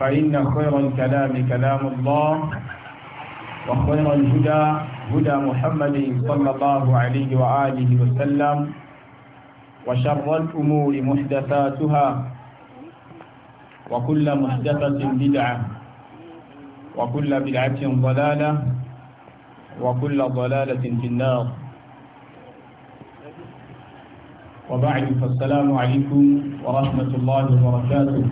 فإن خير الكلام كلام الله وخير الهدى هدى محمد صلى الله عليه وآله وسلم وشر الأمور محدثاتها وكل محدثة بدعة وكل بدعة ضلالة وكل ضلالة في النار وبعد فالسلام عليكم ورحمة الله وبركاته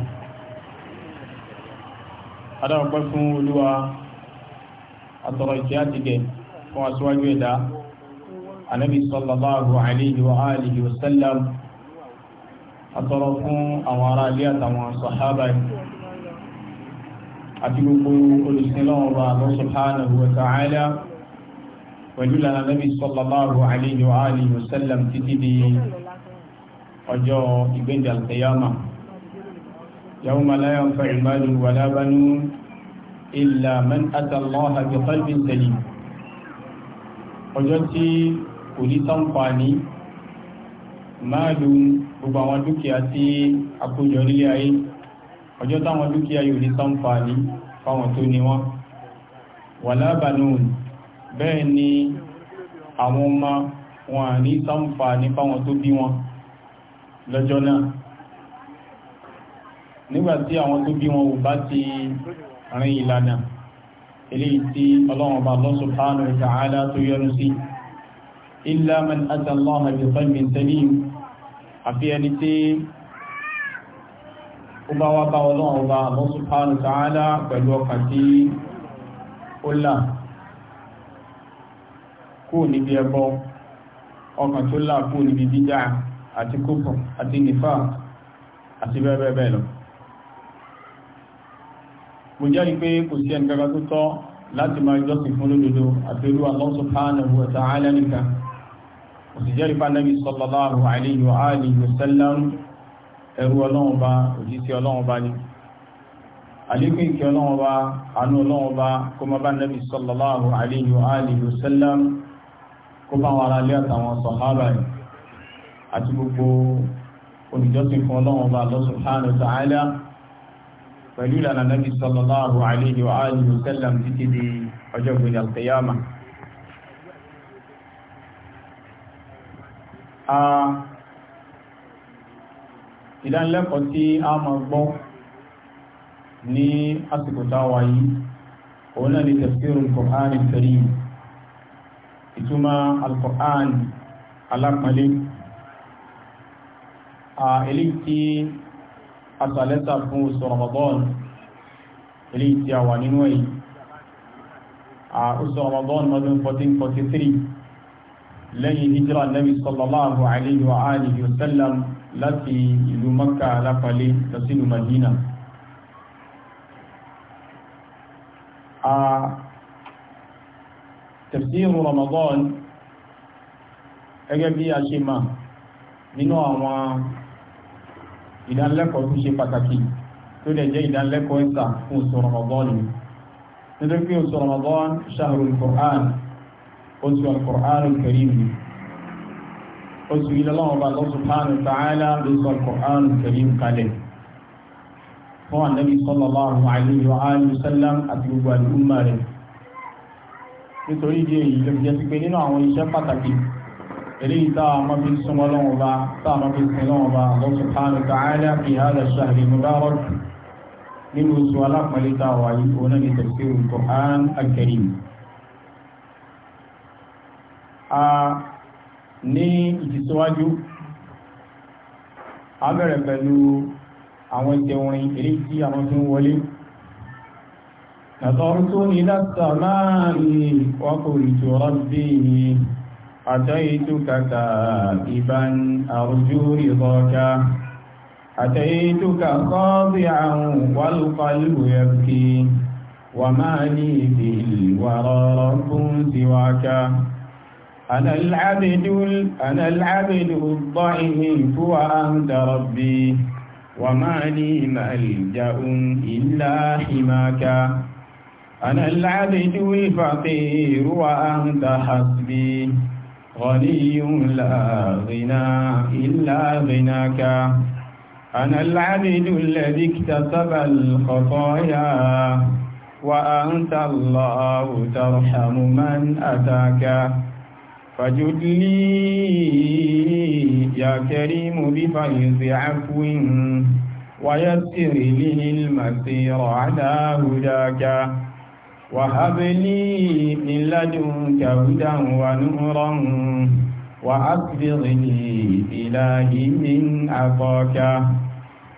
adáwọ̀pẹ́ fún olúwa àtọ̀rọ̀ ìkẹ́ àtìgẹ̀ fún aṣíwájú ẹ̀dá anábì sallallahu alayhi wa alihi wa sallam àtọ̀rọ̀ fún àwọn ará ilé àtàwọn sàhábà àti gbogbo olùsìnlọ́wọ́ba Allah subhanahu wa ta'ala pẹ̀lú lànà anábì sallallahu alayhi wa alihi wa sallam títí di ọjọ́ ìgbéǹdà al يوم لا ينفع مال ولا بنون إلا من أتى الله بقلب سليم ọjọ́ tí kò ní ṣàǹfààní máa lu gbogbo àwọn dúkìá tí àkójọ nílé ayé ọjọ́ táwọn dúkìá yóò ní ṣàǹfààní fáwọn tó ní wọn wala banun bẹ́ẹ̀ ni àwọn ọmọ wọn ní ṣàǹfààní fáwọn tó bí wọn lọ́jọ́ náà nígbàtí àwọn tó bí wọn ò bá ti rìn ìlànà eléyìí tí ọlọ́run bá Allah subhanahu wa ta'ala tó yọ́nú sí illa man ata Allaha bi qalbin salim àfi ẹni tí ó bá wá bá ọlọ́run bá Allah subhanahu wa ta'ala pẹ̀lú ọkàn tí ó là àti kókò lọ mo jẹ́rìí pé kò sí ẹnìkankan tó tọ́ láti máa jọ́sìn fún lódodo àtẹrù Allah subhanahu wa ta'ala nìkan kò sì jẹ́rìí pánàbí sallallahu alayhi wa alihi wa sallam ẹrú ọlọ́run ba òjíṣẹ́ ọlọ́run ba ni àlékún ìkẹ́ ọlọ́run ba àánú ọlọ́run ba kó má bá nàbí sallallahu alayhi wa alihi pẹ̀lú ìlànà Nabi sallallahu alayhi wa alihi wa sallam títí di ọjọ́ ìgbìyànjú al-qiyama ìdánilẹ́kọ̀ọ́ tí a mọ̀ gbọ́ ní àsìkò táwà yìí òun náà ni tafsirul Qur'an al-Karim ìtumọ̀ alápàlẹ́ àtàlẹ́ta fún oṣù Ramadan ilé tí a wà nínú èyí a oṣù Ramadan mọ́dún 1443 lẹ́yìn hijira nabi sallallahu alayhi wa alihi wa sallam láti ìlú Makka alápalé lọ sínú Madina a tafsiru Ramadan gẹ́gẹ́ bí a ṣe máa nínú àwọn ìdánilẹ́kọ̀ọ́ tó ṣe pàtàkì tó dẹ̀ jẹ́ ìdánilẹ́kọ̀ọ́ ìta fún oṣù rọmọdọ́ọ̀nù nítorí pé oṣù rọmọdọ́ọ̀nù ṣàrò ìkọ̀án oṣù alkọ̀án karim oṣù ìlọ́lọ́wọ́ bá lọ́sùn hánù tààlà lóṣù alkọ̀án karim kalẹ̀ fún ànábì sallallahu alaihi wa alihi wasallam àti gbogbo àdúgbò rẹ̀ nítorí إليه تام في سمى لنوبا تام في سنوبا الله سبحانه وتعالى في هذا الشهر المبارك من وسوالك ملتا وعيبون لتفسير القرآن الكريم a ní ìtìsíwájú a bẹ̀rẹ̀ pẹ̀lú àwọn ìtẹ̀wọ̀n ilé tí àwọn tí ń wọlé نظرت إلى السماء وقلت ربي أتيتك تائبا أرجو رضاك أتيتك خاضعا والقلب يبكي وما لي في الورى رب سواك أنا العبد أنا العبد الضعيف وأنت ربي وما لي ملجأ إلا حماك أنا العبد الفقير وأنت حسبي غني لا غنى إلا غناك أنا العبد الذي اكتسب الخطايا وأنت الله ترحم من أتاك فجد لي يا كريم بفيض عفو ويسر لي المسير على هداك وهب لي من لدنك هدى ونورا وأكبرني إلهي من عطاك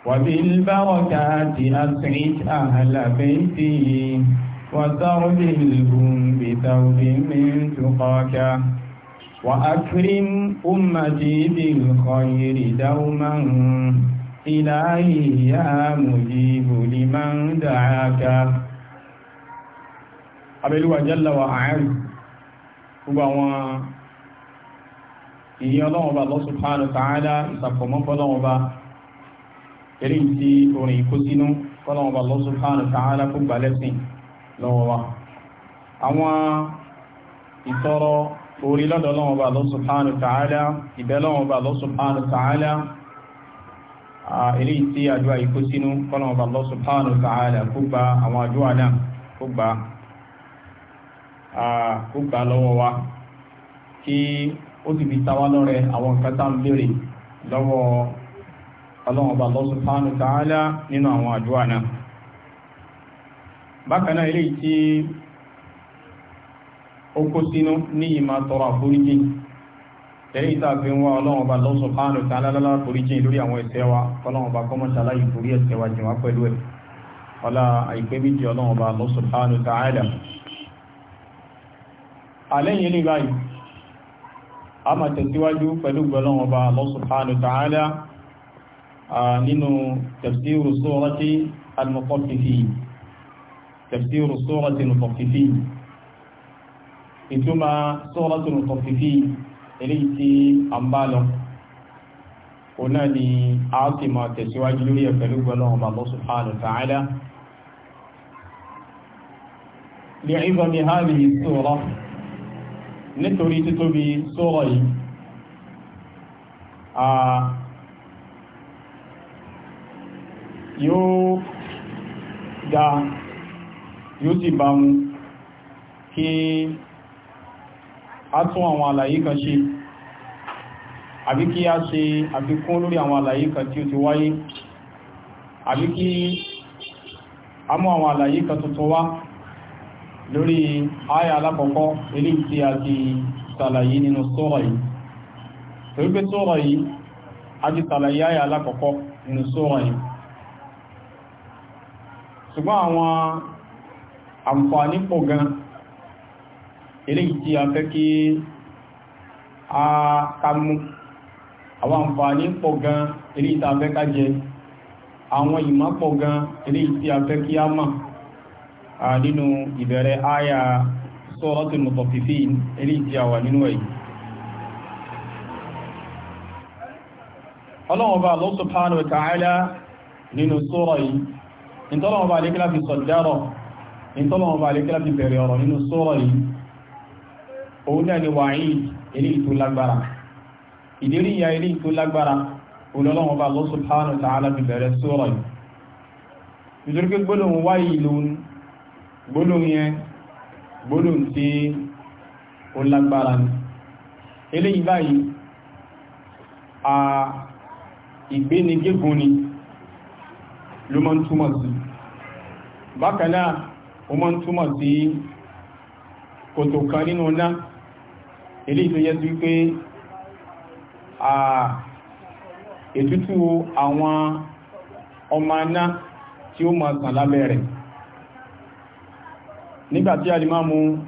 وبالبركات أسعد أهل بيتي وسربلهم بثوب من وَأَكْرِمْ أُمَّتِي أمتي دَوْمًا دوما إلهي يا مجيب لمن abẹ́lúwà jalla wa àárín gbogbo àwọn ìyìn ọlọ́wọ́ba Allah subhanahu wa ta'ala ìsàfọ̀mọ́ fọlọ́wọ́ba eré tí orin ìkó sínú fọlọ́wọ́ba Allah subhanahu wa ta'ala fún gbalẹ́sìn lọ́wọ́ba àwọn ìtọrọ orí lọ́dọ̀ lọ́wọ́ba Allah subhanahu ìbẹ́ lọ́wọ́ba Allah subhanahu wa eré tí àdúrà ìkó sínú fọlọ́wọ́ba Allah subhanahu wa fún gba àwọn àdúrà náà fún gba kó gbà lọ́wọ́ wa kí ó sì fi awọn lọ́rẹ àwọn nǹkan tá lọ́wọ́ awọn ọba Allah subhanahu nínú àwọn àdúrà náà tí ó kó sínú ní ìmá tọrọ àforíjì tẹ̀lé tá fi wá ọlọ́run wa àforíjì lórí àwọn ẹ̀ṣẹ̀ wa ìforí wa jìnwá àlẹ́yìn ní báyìí a máa tẹ̀síwájú pẹ̀lú gbọ́lọ́wọ́ bá Allah subhanahu wa ta'ala nínú tafsiru surati al-Mutaffifin tafsiru surati al-Mutaffifin ìtumọ̀ surati al-Mutaffifin eléyìí tí a ń bá lọ ni a tẹ̀síwájú lórí ẹ̀ pẹ̀lú gbọ́lọ́wọ́ bá Allah لعظم هذه الصورة nítorí títóbi sóòrọ̀ yìí yóò ga yóò sì bá mú kí a tún àwọn àlàyé kan ṣe àbí kí a ṣe àfikún lórí àwọn àlàyé kan tí ó ti wáyé àbí kí a mú àwọn àlàyé kan tuntun wá lórí àyà alákọ̀ọ́kọ́ eléyìí tí a ti ṣàlàyé nínú sọ́rọ̀ yìí torí pé yìí a ti àyà alákọ̀ọ́kọ́ nínú yìí ṣùgbọ́n àwọn àǹfààní pọ̀ gan eléyìí tí a fẹ́ kí a kamú àwọn àǹfààní pọ̀ gan eléyìí tí a fẹ́ ká àwọn gan eléyìí tí a fẹ́ a mọ̀ nínú ìbẹ̀rẹ̀ àyà suratul mutaffifin eléyìí tí a wà nínú èyí ọlọ́wọ́n bá Allah subhanahu wa ta'ala nínú sura yìí ìtọ́lọ́wọ́n bá alékílá fi sọ̀dárọ̀ ìtọ́lọ́wọ́n bá alékílá fi bẹ̀rẹ̀ ọ̀rọ̀ nínú sura yìí gbólóhùn yẹn gbólóhùn tí ó lágbára ní eléyìí báyìí a ìgbénigégún ni ló mọ́ ń túmọ̀ sí bákanáà ó mọ́ ń túmọ̀ sí kòtò kan nínú ọ̀nà eléyìí tó yẹ sí pé a ètútù àwọn ọmọ aná tí ó mọ̀ sàn lábẹ́ rẹ̀ nígbàtí alimamu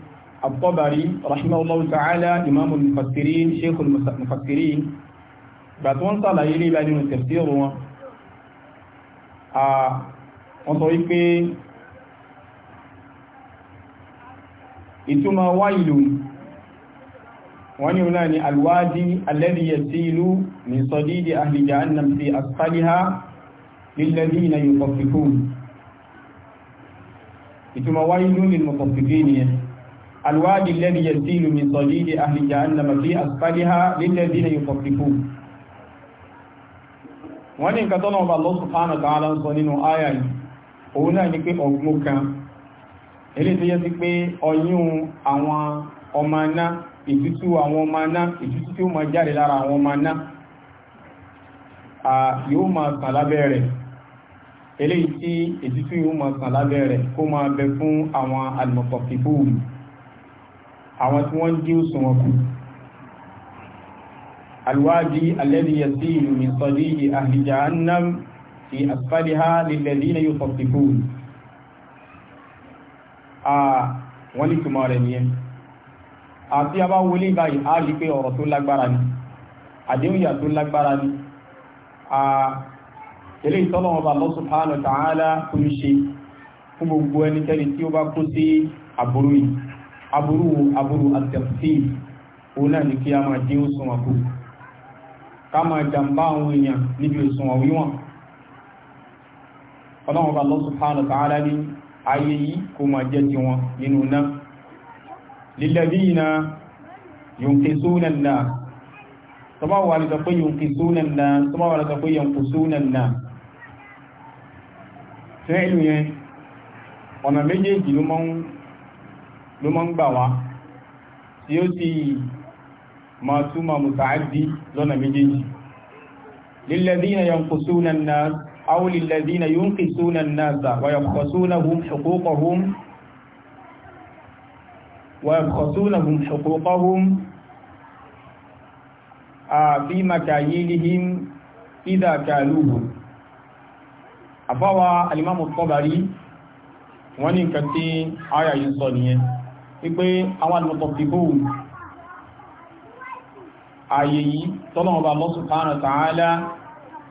abubakari rahimahullahu ta'ala imamu mufassirin sheikhul mufassirin gbàtí wọ́n sàlàyé lè láti nù tafsiru wọn a wọ́n sọ wípé ìtumọ̀ wáìlù wọ́n ni náà ni alwadi alladhi yasilu min sadidi ahli jahannam fi asfaliha lilladhina yutaffifun ìtumọ̀ wáyé lónìí mọ̀kànfífí nìyẹn الوادي الذي يسيل من صليل أهل جهنم في أسفلها للذين يصففون wọ́n ní nǹkan tọ́nà ọba Allah subhanahu wa ta'ala ń sọ nínú àyà yìí òun náà ní pé ọgbọ́n kan ilé tó yẹ sí pé ọyún àwọn ọmọ aná ìtútù àwọn ọmọ aná ìtútù tí ó máa jáde lára àwọn ọmọ aná yóò máa tàn rẹ̀ eléyìí tí ètùtù yìí mọ̀ sàn lábẹ́ rẹ̀ kó máa bẹ fún àwọn al-mutaffifun àwọn tí wọ́n dí òṣùwọ̀n kù alwadi alladhi yasilu min sadiqi ahli jahannam fi asfaliha lilladhina yutaffifun wọ́n ní túnmọ̀ rẹ̀ nìyẹn àti a bá wọlé báyìí a rí pé ọ̀rọ̀ tó lágbára ni àdéhùn yà tó lágbára ni ilé ìtọ́lọ́wọ́ bá lọ́sù hánà tààlà kún ṣe fún gbogbo ẹnikẹ́ni tí ó bá kún sí àbúrú yìí àbúrú àbúrú àtẹ̀fẹ́ òun náà ni kí a máa dín òsùn wọn kù ká máa jàǹbá àwọn èèyàn níbi òsùn wọn wíwọ̀n ọlọ́wọ́ bá lọ́sù hánà tààlà ní ayé yìí kó máa jẹ́ ti wọn nínú náà lílẹ̀dínà yunkisuna an-nas tọ́bá wà lè sọ pé yunkisuna an-nas tọ́bá wà lè sọ pé yankusuna an-nas fẹ́ẹ̀lù yẹn ọ̀nà méjèèjì ló mọ́ ń gbà wá tí ó sì ma túnmà mùsàádì lọ́nà méjèèjì lílẹ̀dínà yanqusuna an-nas aw lílẹ̀dínà yunqisuna an-nas wa yabkhasunahum huquqahum wa yabkhasunahum huquqahum ah, fi makayilihim idha kaluhum àbáwa alimamu Tabari wọ́n ní nǹkan tí àyà yìí sọ nìyẹn wípé àwọn alìmọ̀tọ̀fìbò ààyè yìí tọ́lọ́wọ́ba Allah subhanahu wa ta'ala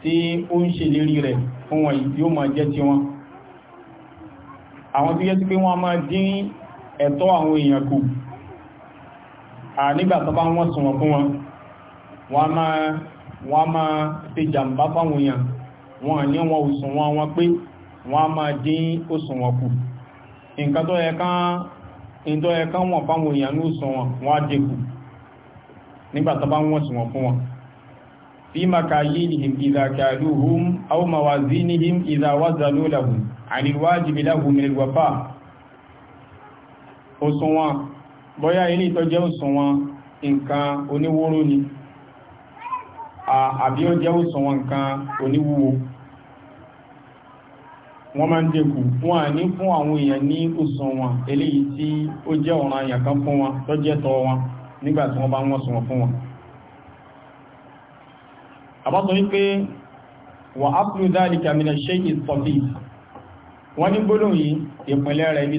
tí ó ń ṣe lérí rẹ̀ fún wọn yóò máa jẹ́ ti wọn àwọn tí yẹ́ sí pé wọ́n máa dín ẹ̀tọ́ àwọn èèyàn kù à nígbàtà bá wọ́n sùn wọn fún wọn wọ́n máa ṣe jàǹbá fáwọn èèyàn wọn ní wọn òṣùwọ̀n wọn pé wọn a máa dín òṣùwọ̀n kù nǹkan tó yẹ kán ìtọ́ yẹ kán wọn fáwọn èèyàn ní òṣùwọ̀n wọn á dínkù nígbà tó bá wọ́n sì wọ́n fún wọn fi makalihim idha kaluhum aw mawazinihim idha wazalu lahum anil wajibi lahum min alwafa òṣùwọ̀n bóyá ilé ìtọ́jẹ́ òṣùwọ̀n nǹkan oníwóró ni àbí ó jẹ́ òṣùwọ̀n nǹkan oníwúwo wọ́n máa ń dínkù wọn à ní fún àwọn èèyàn ní òsùn wọn eléyìí tí ó jẹ́ ọ̀ràn àyàn kan fún wọn tó jẹ́ tọ́ wọn nígbà tí wọ́n bá wọ́n sùn wọn fún wọn àbátọ̀ wípé wà ápùlù dhalika mina shay'i safif wọ́n ní gbólóhùn yìí ìpínlẹ̀ rẹ̀ ibi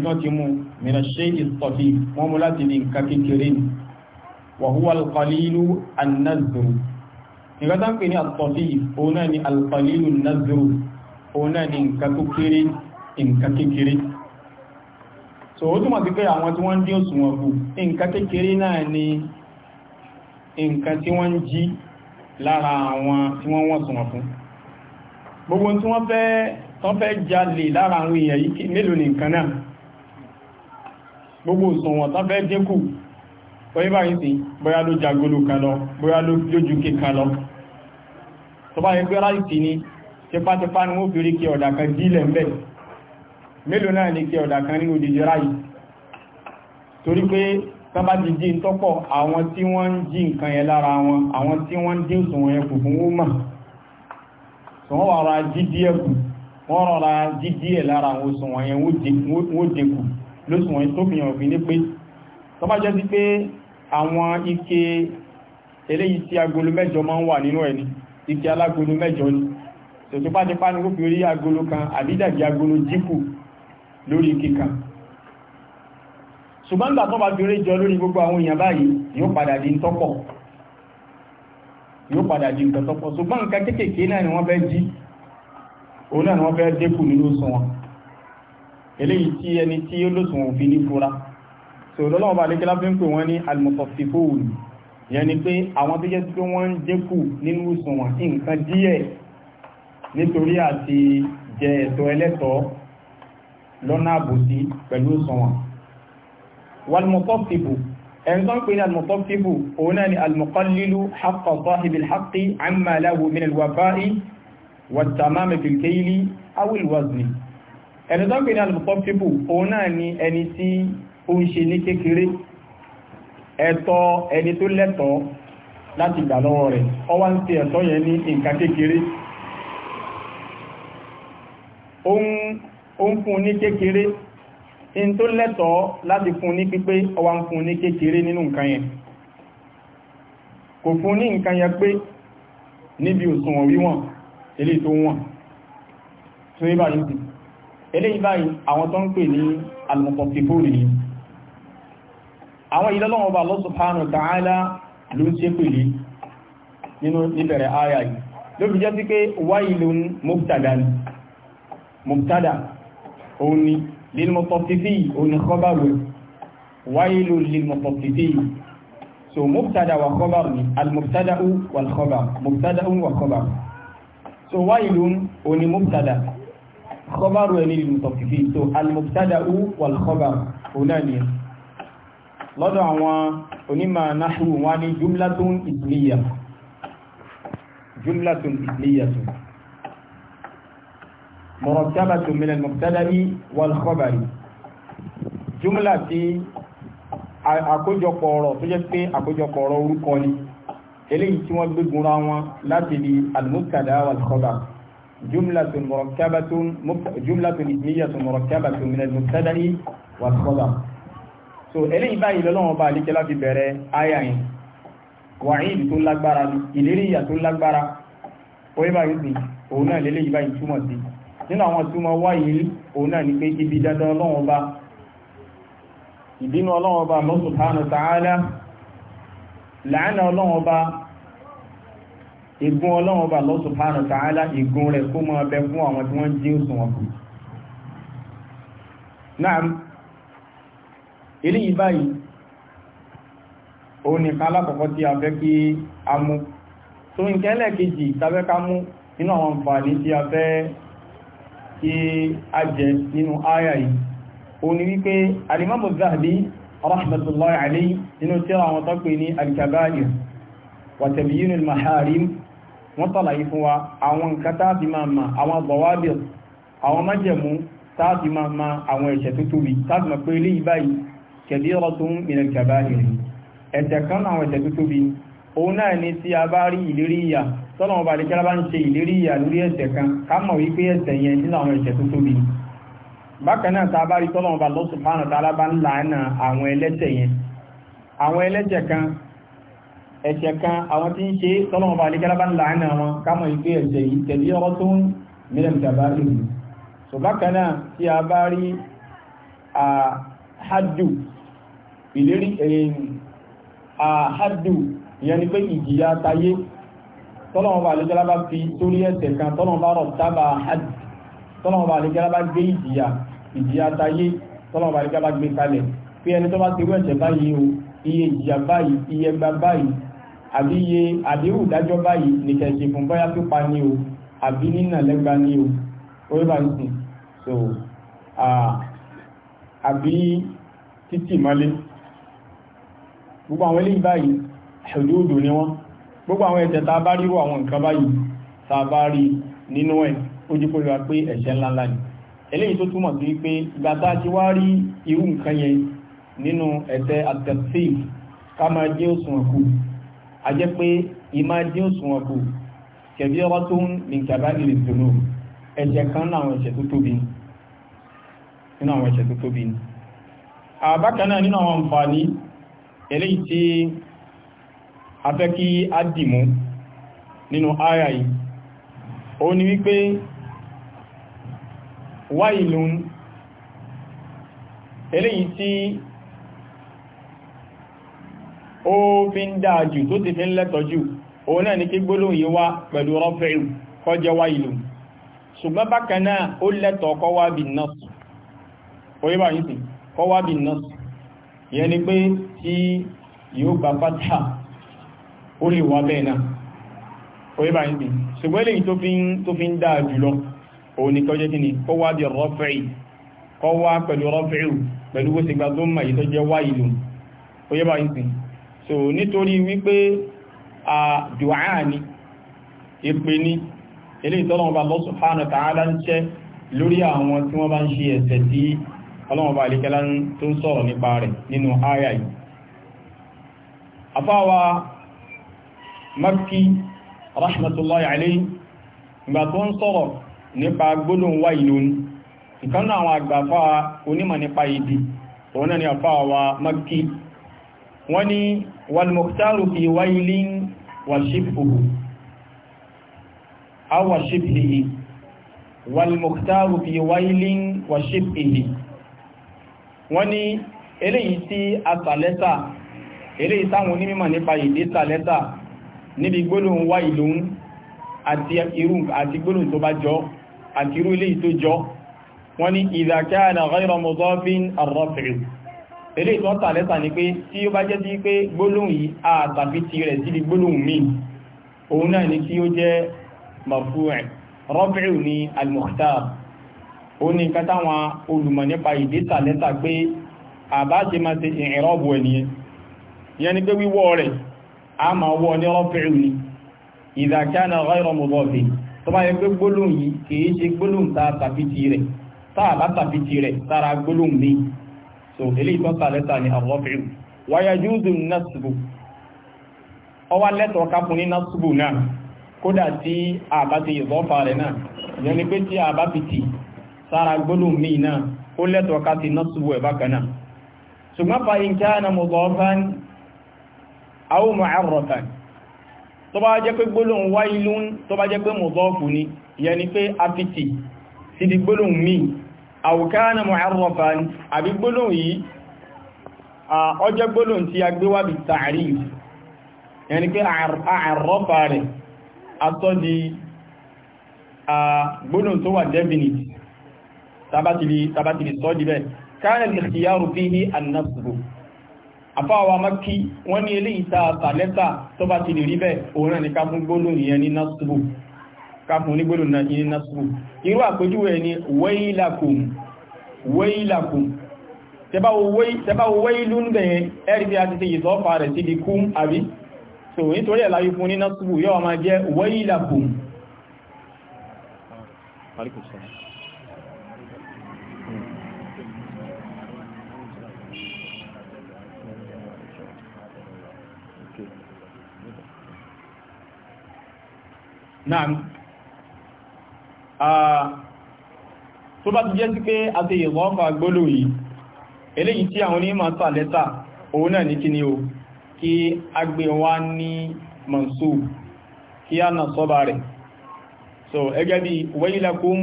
tán ti òun náà ni nǹkan tó kéré nǹkan kékeré so ó túnmọ̀ sí àwọn tí wọ́n dín òṣùwọ̀n kù nǹkan kékeré náà ni nǹkan tí wọ́n jí lára àwọn tí wọ́n wọ́n gbogbo tí wọ́n fẹ́ tọ́fẹ́ jalè lára àwọn èèyàn yìí mélòó náà gbogbo dínkù sí tipátipá ni wọ́n fi rí kí ọ̀dà kan dílẹ̀ mbẹ̀ mélòó náà ní kí ọ̀dà kan nínú òdìdí ráyì torí pé tán bá ti jí ń tọ́pọ̀ àwọn tí wọ́n ń jí nǹkan yẹn lára wọn àwọn tí wọ́n ń dín òsùnwọ̀n yẹn kù fún wúmà tí wọ́n wàrà jí díẹ̀ wọ́n rọra jí díẹ̀ lára òsùnwọ̀n yẹn ń wà nínú ẹ̀ ni ike alágolo mẹ́jọ ni tòtúpátipá ní kófí orí agolo kan àbídàbí agolo jíkù lórí kíkan ṣùgbọ́n gbà tó bá gbèrè jọ lórí gbogbo àwọn èèyàn báyìí yóò padà di tọ́pọ̀ yóò padà di tọ́pọ̀ ṣùgbọ́n nǹkan kéékèèké náà ni wọ́n fẹ́ jí òun náà ni wọ́n fẹ́ dínkù nínú sùn wọn eléyìí tí ẹni tí ó lòsùn fi ní fura so lọ́lọ́wọ́ bá lékelá fi ń pè wọ́n ní almutaffifun yẹn ni pé àwọn tó jẹ́ pé wọ́n ń dínkù nínú sùn nǹkan díẹ̀ nítorí àti jẹ ẹ̀tọ́ ẹlẹ́tọ́ lọ́nà àbòsí pẹ̀lú òsànwọ̀n walmọ̀tọ́fìbù ẹni tó ń pè ní almọ̀tọ́fìbù òun náà ni almọ̀kọ́lílú haqqa sahibil haqqi amma lahu min alwafa'i wat-tamami fil kayli aw al-wazni ẹni tó ń pè ní almọ̀tọ́fìbù òun náà ni ẹni tí ó ń ṣe ní kékeré ẹ̀tọ́ ẹni tó lẹ́tọ̀ọ́ láti gbà lọ́wọ́ rẹ̀ ó ń ṣe ẹ̀tọ́ yẹn ní nǹkan kékeré ó ń fún ní kékeré in tó lẹ́tọ̀ọ́ láti fún ní pípé ọwá ń fún ní kékeré nínú nǹkan yẹn kò fún ní nǹkan yẹn pé níbi òsùnwọ̀n wíwọ̀n ilé tó wọ̀n tó yí báyìí sí ilé ìbáyìí àwọn tó ń pè ní almọ̀kọ̀tífòrì yìí wa ta'ala ló mubtada òun ni lilmọ̀tọ̀tìtì òun ni kọ́bàrù wáyílò lilmọ̀tọ̀tìtì so mubtada wà kọ́bàrù ni almubtada wà kọ́bàrù mubtada wà kọ́bàrù so wáyílò òun ni mubtada kọ́bàrù ẹni lilmọ̀tọ̀tìtì so almubtada wà kọ́bàrù òun náà ni lọ́dọ̀ àwọn onímọ̀ náhù wá ní jumlatun ismiya jumlatun ismiya tún مرتبة من المبتدأ والخبر jumla tí àkójọpọ̀ ọ̀rọ̀ tó jẹ́ pé àkójọpọ̀ ọ̀rọ̀ orúkọ ni eléyìí tí wọ́n gbégun ra wọn láti di al-mubtada wal-khabar jumlatun murakkabatun jumlatun ismiyatun murakkabatun min al-mubtada wal-khabar so eléyìí báyìí lọ́lọ́wọ́n bá àlíkẹ́ láti bẹ̀rẹ̀ áyà yẹn wa'id tó lágbára ìlérí ìyà tó lágbára orí báyìí òun náà lélẹ́yìí báyìí túmọ̀ sí nínú àwọn tí wọ́n wáyé òun náà ni pé ibi dandan ọlọ́run ọba ìbínú ọlọ́run ba subhanahu wa ta'ala làánà ọlọ́run ọba igun ọlọ́run ọba subhanahu wa ta'ala igun rẹ̀ kó mọ́ ọbẹ̀ fún àwọn tí wọ́n jí òsùn wọn kù náà eléyìí báyìí a fẹ́ tí a jẹ nínú àyà yìí o ni wípé alimamu zahabi rahmatullahi alayhi nínú tírà àwọn tó pè ní alkabair wa tabyinu al-maharim wọ́n tàlàyé fún wa àwọn nǹkan tàbí máa ma àwọn bọ̀wábìl àwọn májẹ̀mú tàbí máa ma àwọn ẹ̀ṣẹ̀ tó tóbi tọ́nà ọba àdékẹ́lá bá ń ṣe ìlérí ìyà lórí ẹ̀ṣẹ̀ kan ká mọ̀ wípé ẹ̀ṣẹ̀ yẹn nínú àwọn ẹ̀ṣẹ̀ tó tóbi bákan náà tá a bá rí tọ́nà ọba Allah subhanahu wa ta'ala bá ń làánà àwọn ẹlẹ́ṣẹ̀ yẹn àwọn ẹlẹ́ṣẹ̀ kan ẹ̀ṣẹ̀ kan àwọn tí ń ṣe tọ́nà ọba àdékẹ́lá bá ń làánà wọn ká mọ̀ wípé ẹ̀ṣẹ̀ yìí tẹ̀lé ọ̀rọ̀ tó ń mílẹ̀ mùtàbá rè mí so bákan náà tí a bá rí àhádù ìlérí àhádù ìyẹn ni pé ìjìyà tayé tọ́lọ́wọ́n bá àlejọ́lá bá fi torí ẹ̀ṣẹ̀ kan tọ́lọ́wọ́n bá rọ̀ dábà hajj tọ́lọ́wọ́n bá àlejọ́lá bá gbé ìjìyà ìjìyà táyé tọ́lọ́wọ́n bá àlejọ́lá bá gbé kalẹ̀ pé ẹni tó bá ti rú ẹ̀ṣẹ̀ báyìí o iye ìjìyà báyìí iye ẹgbà báyìí àbí iye àdéhùn ìdájọ́ báyìí nìkẹ́ ṣe fún bóyá pípa ni o àbí nínà lẹ́gba ni o orí bá ń sìn so àbí títì mọ́lé gbogbo àwọn eléyìí báyìí hududu ni wọ́n gbogbo àwọn ẹ̀ṣẹ̀ tá a bá ríro àwọn nǹkan báyìí tá a bá rí nínú ẹ̀ ó jẹ́ kóríra pé ẹ̀ṣẹ̀ ńláńlá ni eléyìí tó túmọ̀ sí pé ìgbà tá a ti wá rí irú nǹkan yẹn nínú ẹ̀ṣẹ̀ atẹ̀síf ká máa jẹ́ òṣùwọ̀n kù a jẹ́ pé ìmá jẹ́ òṣùwọ̀n kù kẹ̀bí ọwọ́ tó ń ní kàbá ìrìn dùnú ẹ̀ṣẹ̀ kan náà àwọn ẹ̀ṣẹ̀ tó tóbi nínú àwọn ẹ̀ṣẹ̀ tó tóbi afẹ́ kí á dìmú nínú àyà yìí ó ní wípé wáìlún eléyìí tí ó fi ń dáájú tó ti fi ń lẹ́tọ̀jú òun náà ní kí gbólóhùn yìí wá pẹ̀lú rọ́fẹ́ù kọjẹ wáìlún ṣùgbọ́n bákan náà ó lẹ́tọ̀ kọ́ bí nọ́ọ̀sì orí pé tí yóò gba fátà ó lè wà bẹ́ẹ̀ náà orí bá ń bí ṣùgbọ́n lè tó fi ń dáa jùlọ òun ni kọjẹ́ kí ni kọ́ wá bí rọ́fẹ́ì kọ́ wá pẹ̀lú rọ́fẹ́ì pẹ̀lú bó ṣe gba tó mọ̀ èyí tó jẹ́ wá ìlú orí bá ń bí so nítorí wípé a dùwà ní ìpè ní ilé ìtọ́lọ́wọ́ bá lọ́sù hánà tààlá ń ṣẹ́ lórí àwọn tí wọ́n bá ń ṣe ẹ̀ṣẹ̀ tí ọlọ́wọ́ bá àlíkẹ́lá tó ń sọ̀rọ̀ nípa rẹ̀ nínú áyà yìí afáwa Makki rahmatullahi alayhi ìgbà tó ń sọ̀rọ̀ nípa gbólóhùn wá ìlú ní ìkan náà àwọn àgbàfà onímọ̀ nípa ìdí òun náà ni àfà wa Makki wọ́n ni walmuktaru fi wailin wa shibhuhu aw wa shibhihi walmuktaru fi wailin wa shibhihi wọ́n ni eléyìí tí a sàlẹ́sà eléyìí táwọn onímọ̀ nípa ìdí sàlẹ́sà níbi gbólóhùn wá ìlóhun àti irú àti gbólóhùn tó bá jọ àti irú ilé tó jọ wọ́n ní idha kana ghayra mudafin ar ni pé tí ó bá a tàbí ti rẹ̀ sí gbólóhùn míì ni kí ó jẹ́ ni al-mukhtar ó ní nǹkan táwọn olùmọ̀ nípa ìdésà lẹ́sà ni pé wíwọ́ rẹ̀ a ma wọ́ ní rọ́pẹ̀rù ni ìdàkánà ọ̀rọ̀ mọ̀lọ́fì tó bá yẹ pé gbólóhùn yìí kìí ṣe gbólóhùn tá tàbítì rẹ̀ táà látàbítì rẹ̀ tára gbólóhùn mi so ilé ìtọ́ta lẹ́ta ni àrọ́fẹ̀rù wáyà júùdù násùbù ọwá lẹ́tọ̀ọ́ kápù ní násùbù náà kódà tí a bá ti ìzọ́fà rẹ̀ náà yẹn ni pé tí a aw mu'arrafan tó bá jẹ́ pé gbólóhùn wailun tó bá jẹ́ pé mudhafu ni ìyẹn ni pé afiti sí di gbólóhùn mi aw kana mu'arrafan àbí gbólóhùn yìí ó jẹ́ gbólóhùn tí a gbé wá bí ta'rif ìyẹn ni pé àrọ́fà rẹ̀ atọ́ àfáwà mọ́kí wọ́n ní ilé ìta àtàlẹ́ta tó bá ti lè rí bẹ́ẹ̀ òun ní ká fún gbólóhùn yẹn ní násùrù ká fún ní gbólóhùn náà ní násùrù irú àpèjúwe ní wailakum wailakum tẹbáwò wẹ́ìlú ń bẹ̀yẹn ẹ̀rí bí a ti tẹ̀yì sọ́fà rẹ̀ sí di kún àbí so nítorí ẹ̀láyé fún ní násùrù yóò máa jẹ́ wailakum náà ah, tó bá ti jẹ́ sí pé a ti yìnbọn ọkọ̀ agbólò yìí eléyìí tí àwọn onímọ̀ sà lẹ́tà òun náà ní kí ni o kí agbè wá ní mansub kí a nà sọ́bà rẹ̀ so ẹgẹ́ bí wailakum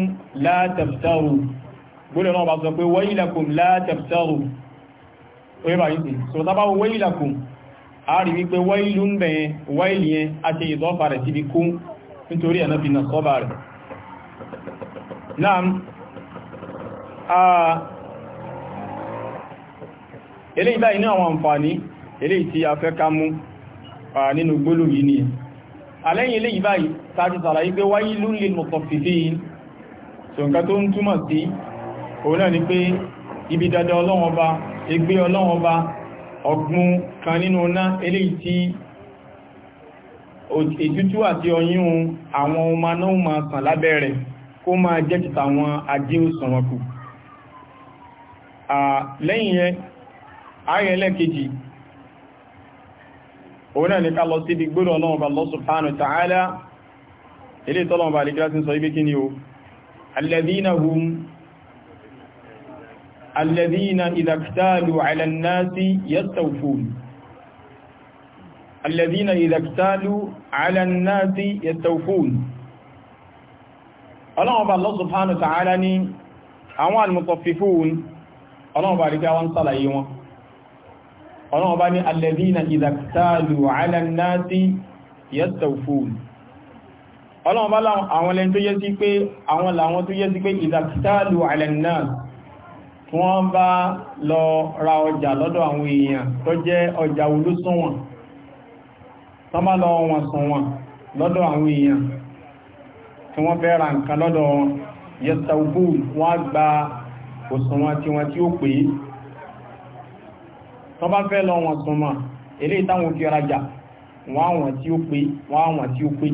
la taftaru gbólò náà bá sọ pé wailakum la taftaru orí bá yìí so tábá a rí wípé wailu ń bẹ̀yẹn wail yẹn a ti yìnbọn fà rẹ̀ síbi nítorí ẹ̀nà fi nà sọ́bà rẹ̀ náà eléyìí báyìí ní àwọn àǹfààní eléyìí tí a ká mú nínú gbólù yìí ni alẹ́yìn eléyìí báyìí tàbí sàlàyé pé wáyé lórí mọ̀tọ̀fìfì so nǹkan tó ń túmọ̀ sí òun náà ni pé ibi dada ọlọ́wọ́n ba ẹgbẹ́ ọlọ́wọ́n kan nínú ná eléyìí tí ìtútù àti ọyún àwọn ọmọ náà máa kàn lábẹ́ rẹ̀ kó máa jẹ́ títà wọn ajé òsànwọ̀n kù lẹ́yìn yẹn ààrẹ ẹlẹ́kejì òun náà ní ká lọ sí ibi gbọ́dọ̀ ọlọ́run bá Allah subhanahu wa ta'ala ilé الذين إذا اكتالوا على الناس يستوفون ọlọ́ọ̀bá Allah subhanahu wa ta'ala ní àwọn al-mutaffifun ọlọ́ọ̀bá rí káwọn sàlàyé wọn ọlọ́ọ̀bá ní alladhina idha iktalu 'ala an-nasi yastawfun ọlọ́ọ̀bá àwọn lẹ́n tó yẹ sí pé àwọn làwọn tó yẹ sí pé idha iktalu 'ala an-nasi wọ́n bá lọ ra ọjà lọ́dọ̀ àwọn èèyàn tó jẹ́ ọjà olóṣùwọ̀n tọ́mà lọ wọn sọ wọn lọ́dọ̀ àwọn èèyàn tí wọ́n fẹ́ ra nǹkan lọ́dọ̀ yẹtàgbó wọ́n gba òsùnwọ̀n tí wọ́n tí ó pè é tọ́bá fẹ́ lọ wọn sọmọ eré ìtàwọn fi rajà wọ́n wọ́n tí ó pè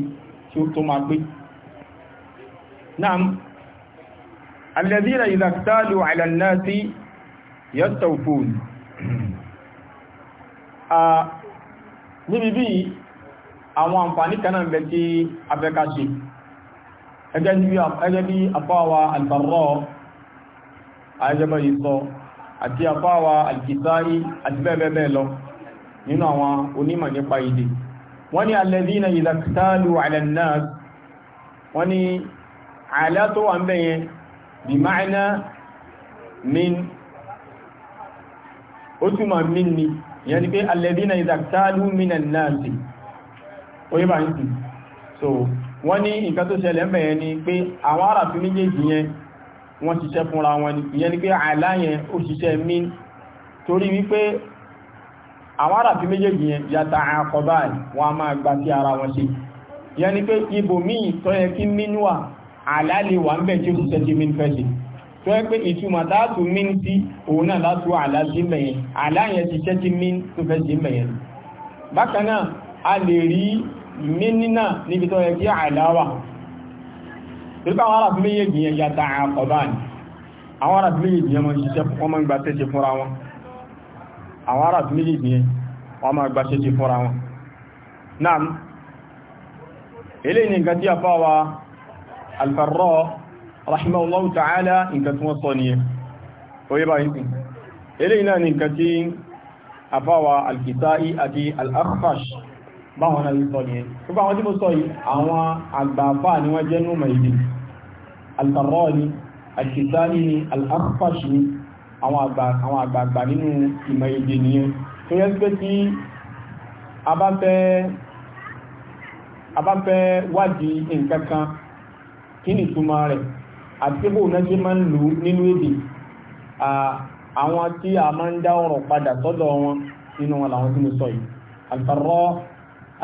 tí ó tó máa pè náà alẹ́dínà ìdàkítàlù àìlànà sí yẹtàgbó níbi bíi àwọn àǹfààní kan náà bẹ tí afẹ́ká ṣe ẹgẹ́ bí afáwa albarro ayẹjẹbẹ̀ yìí sọ àti afáwa alkisari àti bẹ́ẹ̀bẹ́ẹ̀ lọ nínú àwọn onímọ̀ nípa ìdè wọ́n ni alladhina idha iktalu ala an-nas wọ́n ni àlá tó wà ń bẹ̀yẹ bí ma'na min ó oye bá ń sì so wọ́n ní nǹkan tó ṣẹlẹ̀ mẹ́ẹ̀ ni pé àwọn ará fi méjèèjì yẹn wọ́n ṣiṣẹ́ fúnra wọn ni ìyẹn ni pé àìlá yẹn ó ṣiṣẹ́ mí torí wípé àwọn ará fi méjèèjì yẹn yàtà àkọ́bá wọn a máa gba sí ara wọn ṣe ìyẹn ni pé ibò míì tó yẹ kí mínú wà àìlá lè wà ń bẹ̀ tí ó ṣiṣẹ́ tí mí fẹ́ ṣe tó yẹ pé ìtumọ̀ dáàtù mí sí òun náà látú àlá sí mẹ̀yẹn àìlá ṣiṣẹ́ tí mí tó fẹ́ ṣe mẹ̀yẹn bákan náà a lè rí mínínà níbi tó yẹ kí àìláwà nípa àwọn arábí méjèèjì yẹn yàtà àkọ̀bá ni àwọn arábí méjèèjì yẹn wọ́n máa gba tẹ́ṣe fúnra wọn àwọn arábí méjèèjì yẹn wọ́n máa gba tẹ́ṣe fúnra wọn náà ilé ni nǹkan tí a fáwa alfarro rahimahullahu ta'ala nǹkan tí wọ́n sọ báwọn náà sọ ní ẹ̀ púpọ̀ àwọn tí mo sọ yìí àwọn àgbàfà ni wọ́n jẹ́ númọ̀ ìdí al-Qarani al-Kisani ni al-Akhfash ni àwọn àgbààgbà nínú ìmọ̀ èdè nìyẹn tó yẹ pé tí a bá fẹ́ wádìí nǹkan kí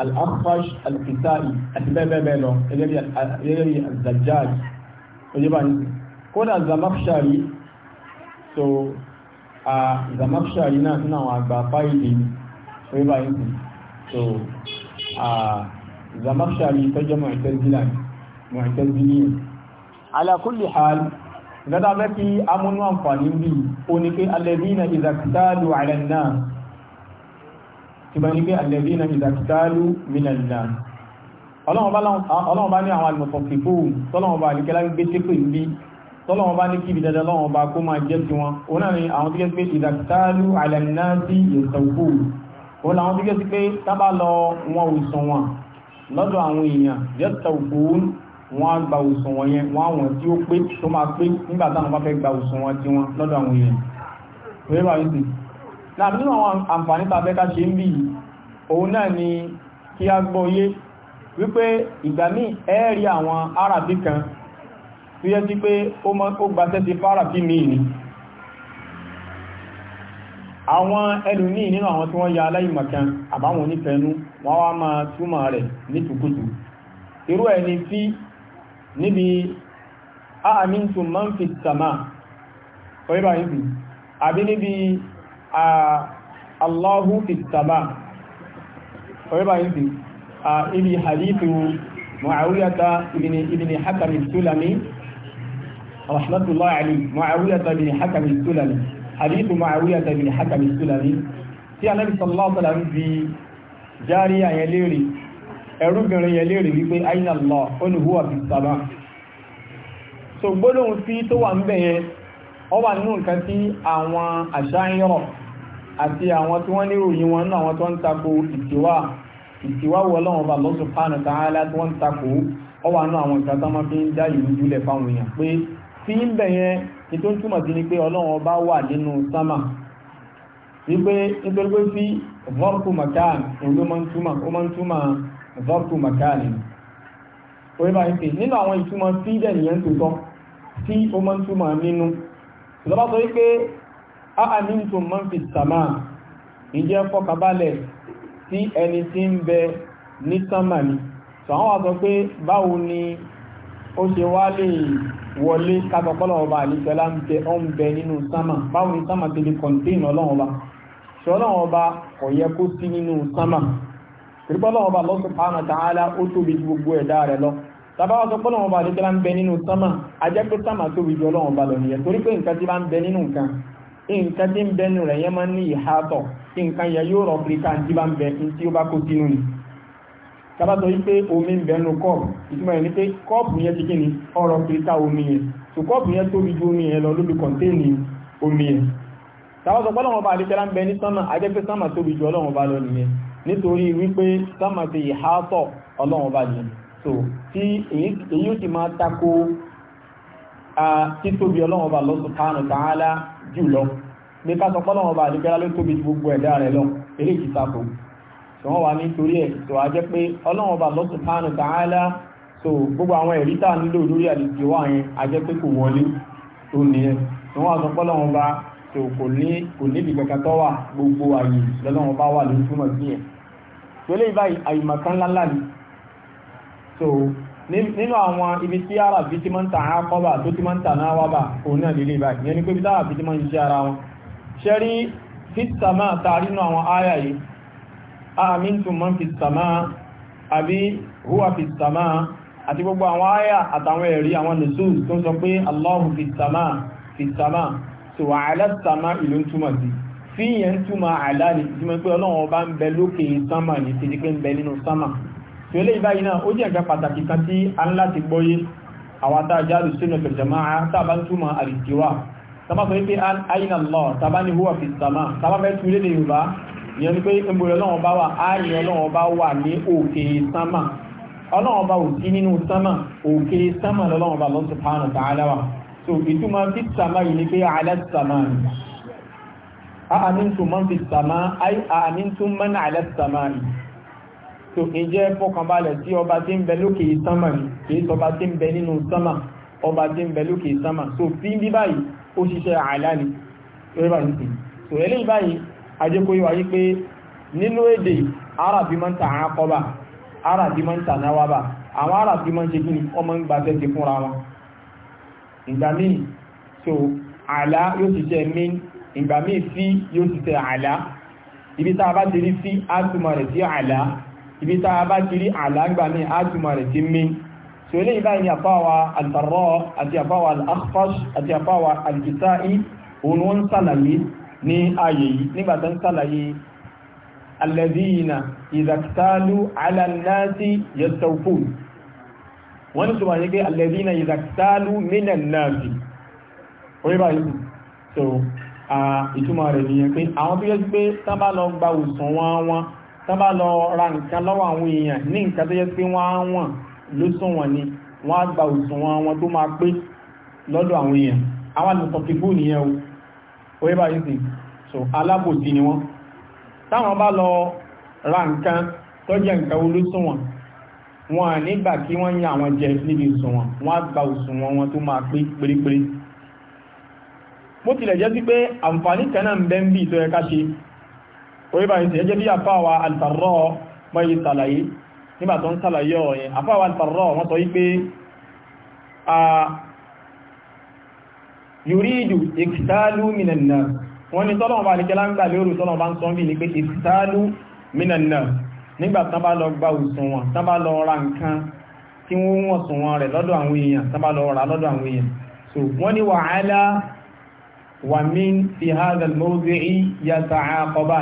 al-Akhfash al-Kisa'i àti bẹ́ẹ̀bẹ́ẹ̀ lọ gẹ́gẹ́ bí al-Zajjaj òyìnbá ní kódà Zamakhshari so Zamakhshari náà nínú àwọn àgbà fáìlì òyìnbá ní so Zamakhshari tọ́jọ́ Mu'tazili ala kulli hal gada bẹ́ fi amúnú àǹfààní bí o ní pé alladhina idha iktalu ala an ìbánigbé àlẹ́bí na ìdàkítàlù mìnàlìlà ọlọ́wọ́n bá ní àwọn alìmọ̀tọ̀fìfò tọ́lọ́wọ́n bá alìkẹ́lá gbé tépè ń bí tọ́lọ́wọ́n bá ní kí ìdíjẹ́ lọ́wọ́n bá kó máa jẹ́ ti wọn ó náà ni àwọn tíkẹ́ pé ìdàkítàlù alẹ́nàájí ìsọ̀fò ó láwọn tíkẹ́ sí pé tábà lọ wọn òsùn wọn lọ́dọ̀ àwọn èèyàn yẹ́sọ̀fò wọn á gba òsùn wọn yẹn wọn àwọn tí ó pé tó máa pé nígbà táwọn bá fẹ́ gba òsùn wọn tí wọn lọ́dọ̀ àwọn èèyàn nínú àwọn àǹfààní tàbẹ́ká ṣe ń bí òun náà ni kí a gbọ́ yé wípé ìgbà míì ẹ́ẹ̀rí àwọn árabi kan tó yẹ sí pé ó gbaṣẹ́ ti fárabi míì ni àwọn ẹlòmíì nínú àwọn tí wọ́n ya aláìmọ̀kan àbáwọn onífẹ́nú wọ́n wá máa túmọ̀ rẹ̀ nítùkùtù irú ẹni tí níbi àmìntùmọ́ǹfì sàmà ọ̀rẹ́bà yìí àbí níbi Allahu ittaba ọ̀rẹ́bà yìí sí ibi hadithu Mu'awiyata ibn Hakam al-Sulami rahmatullahi alayhi Mu'awiyata ibn Hakam al-Sulami hadithu Mu'awiyata ibn Hakam al-Sulami tí Ànábì sallallahu alaihi wasallam bi jariya yẹn léèrè ẹrúbìnrin fi sama so gbólóhùn sí tó wà ń bẹ̀yẹn ó wà àti àwọn tí wọ́n níròyìn wọn náà àwọn tó ń tako ìtìwá ìtìwá wọ ọlọ́run bá Allah subhanahu wa ta'ala tí wọ́n ń tako ọwọ́ àánú àwọn ìgbà tó máa fi ń dá ìlú jùlẹ̀ fáwọn èèyàn pé tí ń bẹ̀ yẹn ni tó ń túmọ̀ sí ni pé ọlọ́run bá wà nínú sámà wípé nítorí pé sí vọ́ọ̀kù màkàn òun ló máa ń túmọ̀ vọ́ọ̀kù màkàn ni orí bá ń pè nínú àwọn ìtumọ̀ tí dẹ̀ nìyẹn tó tọ́ tí ó máa ń túmọ̀ nínú ìjọba sọ wípé àmìntùn man fi sàmà ìjẹ́ fọkàbalẹ̀ sí ẹni tí ń bẹ ní sánmà ni sọ̀hán wà sọ pé báwo ni ó ṣe wá lè wọlé kásọpọ́lọ̀ ọba àlìsọ́lá ń bẹ ọ́n bẹ nínú sánmà báwo ni sánmà ti lè kọ̀ǹtẹ́nì ọlọ́run ọba ṣọlọ́run ọba kò yẹ kó sí nínú sánmà ìrúbọ́lọ́run ọba Allah subhanahu wa ta'ala ó tóbi ju gbogbo ẹ̀dá rẹ̀ lọ tàbáwọ́ sọ pọ́lọ́run ọba àlìsọ́lá ń bẹ nínú sánmà ajẹ́ pé sánmà tóbi ju ọlọ́run ọba nǹkan tí ń bẹnu rẹ̀ yẹn máa ń ní ìhátọ̀ tí nǹkan yẹn yóò rọ̀ pé káàntì bá ń bẹ ní tí ó bá kó sínú ni tabatọ yìí pé omi ń bẹnu kọ́ọ̀pù ìtumọ̀ yẹn ni pé kọ́ọ̀pù yẹn ti kíni ọ̀rọ̀ pé ká omi yẹn tó kọ́ọ̀pù yẹn tóbi ju omi yẹn lọ lóbi kọ̀ǹtéènì omi yẹn tàwọn sọpọ́ lọ́wọ́ bá àdíkẹ́lá so tí èyí ó ti máa tako títóbi ọlọ́wọ́ bá lọ́sùn jùlọ bí ká sọpọ́ lọ́wọ́ bá àdíkẹ́lá ló tóbi ju gbogbo ẹ̀dá rẹ̀ lọ eré ìkìtàkù tí wọ́n wà nítorí ẹ̀ tó a jẹ́ pé ọlọ́wọ́ bá Allah subhanahu ta'ala so gbogbo àwọn ẹ̀rí tá à lórí àdìsí wà yẹn a jẹ́ pé kò wọlé tó nìyẹn tí wọ́n wà sọpọ́ lọ́wọ́ bá tó kò ní kò níbi kankan tó wà gbogbo àyè lọ́lọ́wọ́ bá wà lójúmọ̀ sí yẹn pẹ̀lú ìbáyìí àyè màkàn ńláńlá nínú àwọn ibi tí ara bí tí máa ń ta àkọ́bà tó tí máa ń ta náà wábà òun náà lè lè báyìí yẹn ni pé bí tára bí tí máa ń ṣe ara wọn ṣẹ́rí fìtàmà tààrí nínú àwọn áyà yìí àmìntùn mọ́ fìtàmà àbí húwà fìtàmà àti gbogbo àwọn áyà àtàwọn ẹ̀rí àwọn nùsùs tó ń sọ pé Allahu fìtàmà fìtàmà tí ó lè báyìí náà ó jẹ́ ẹ̀gbẹ́ pàtàkì kan tí a ń láti gbọ́yé àwátá jáàrù sínú ìjọmáà tàbá ń túnmà àrìsíwá tàbá sọ wípé àìnà lọ tàbá ní huwa fi sàmà tàbá fẹ́ tún lédè yorùbá ìyẹn pé ìmọ̀ ọlọ́wọ́ bá wà ààrin ọlọ́wọ́ bá ní òkè sánmà so ìtumọ̀ fi sàmà yìí ni pé àlẹ́ sàmà ni ààmìntùmọ̀ fi sàmà tó ìjẹ́ fọkànbalẹ̀ tí ọba tí ń bẹ lókè sánmà ní kìí sọba tí ń bẹ nínú sánmà ọba tí ń bẹ lókè sánmà so fi ń bí báyìí ó ṣiṣẹ́ àìlá ni so eléyìí báyìí ajẹ́kóyíwá yí pé nínú ta àwọn akọba ta náwábà àwọn arabi máa ń ṣe kíni ọmọ ìgbà míì so àìlá yóò ṣiṣẹ́ mí ìgbà míì sí yóò ṣiṣẹ́ àìlá ibi tá sí á rẹ̀ sí àìlá ibi tá a bá ti rí àlágbà ní ájúmọ̀ rẹ̀ ti mí tí ó lè ibá ní àfáwà al-Barra àti àfáwà al-Akhfash àti àfáwà al-Kisa'i òun wọ́n sàlàyé ní ayé yìí nígbàtà ń sàlàyé alladhina idha iktalu ala an-nasi yastawfun wọ́n ní sọ̀rọ̀ yẹ́gẹ́ alladhina idha iktalu mina an-nasi orí so ìtumọ̀ rẹ̀ nìyẹn pé àwọn tó yẹ pé tábà lọ gba òsàn wọn wọn tán bá lọ ra nǹkan lọ́wọ́ àwọn èèyàn ní nǹkan tó yẹ pé wọ́n á wọ̀n lóṣùwọ̀n ni wọ́n á gba òṣùwọ̀n wọn tó máa pé lọ́dọ̀ àwọn èèyàn àwọn àlùsọ̀kìbù nìyẹn o oye bá yìí sì so alábòsí ni wọ́n táwọn bá lọ ra nǹkan tó jẹ́ nǹkan olóṣùwọ̀n wọn à nígbà kí wọ́n yan àwọn jẹ níbi òṣùwọ̀n wọ́n á gba òṣùwọ̀n wọn tó máa pé pérépéré bó tilẹ̀ jẹ́ sí pé àǹfààní kan náà ń bẹ ń bí ìtọ́yẹ ká ṣe orí bá ìsẹ̀ ẹjẹ́ bí àfáwà alfarọ́ mọ́yí sàlàyé nígbà tó ń sàlàyé ọ̀yẹn àfáwà alfarọ́ wọ́n sọ wípé a yùrídù ìkìtàlù mìnànà wọ́n ni tọ́lọ̀ bá nìkẹ́lá ń gbà lérò tọ́lọ̀ bá ń sọ bí ní pé ìkìtàlù mìnànà nígbà bá lọ gba òṣùwọ̀n tán bá lọ ra nǹkan tí wọ́n wọ́n sùnwọ̀n rẹ̀ lọ́dọ̀ àwọn èèyàn tán bá lọ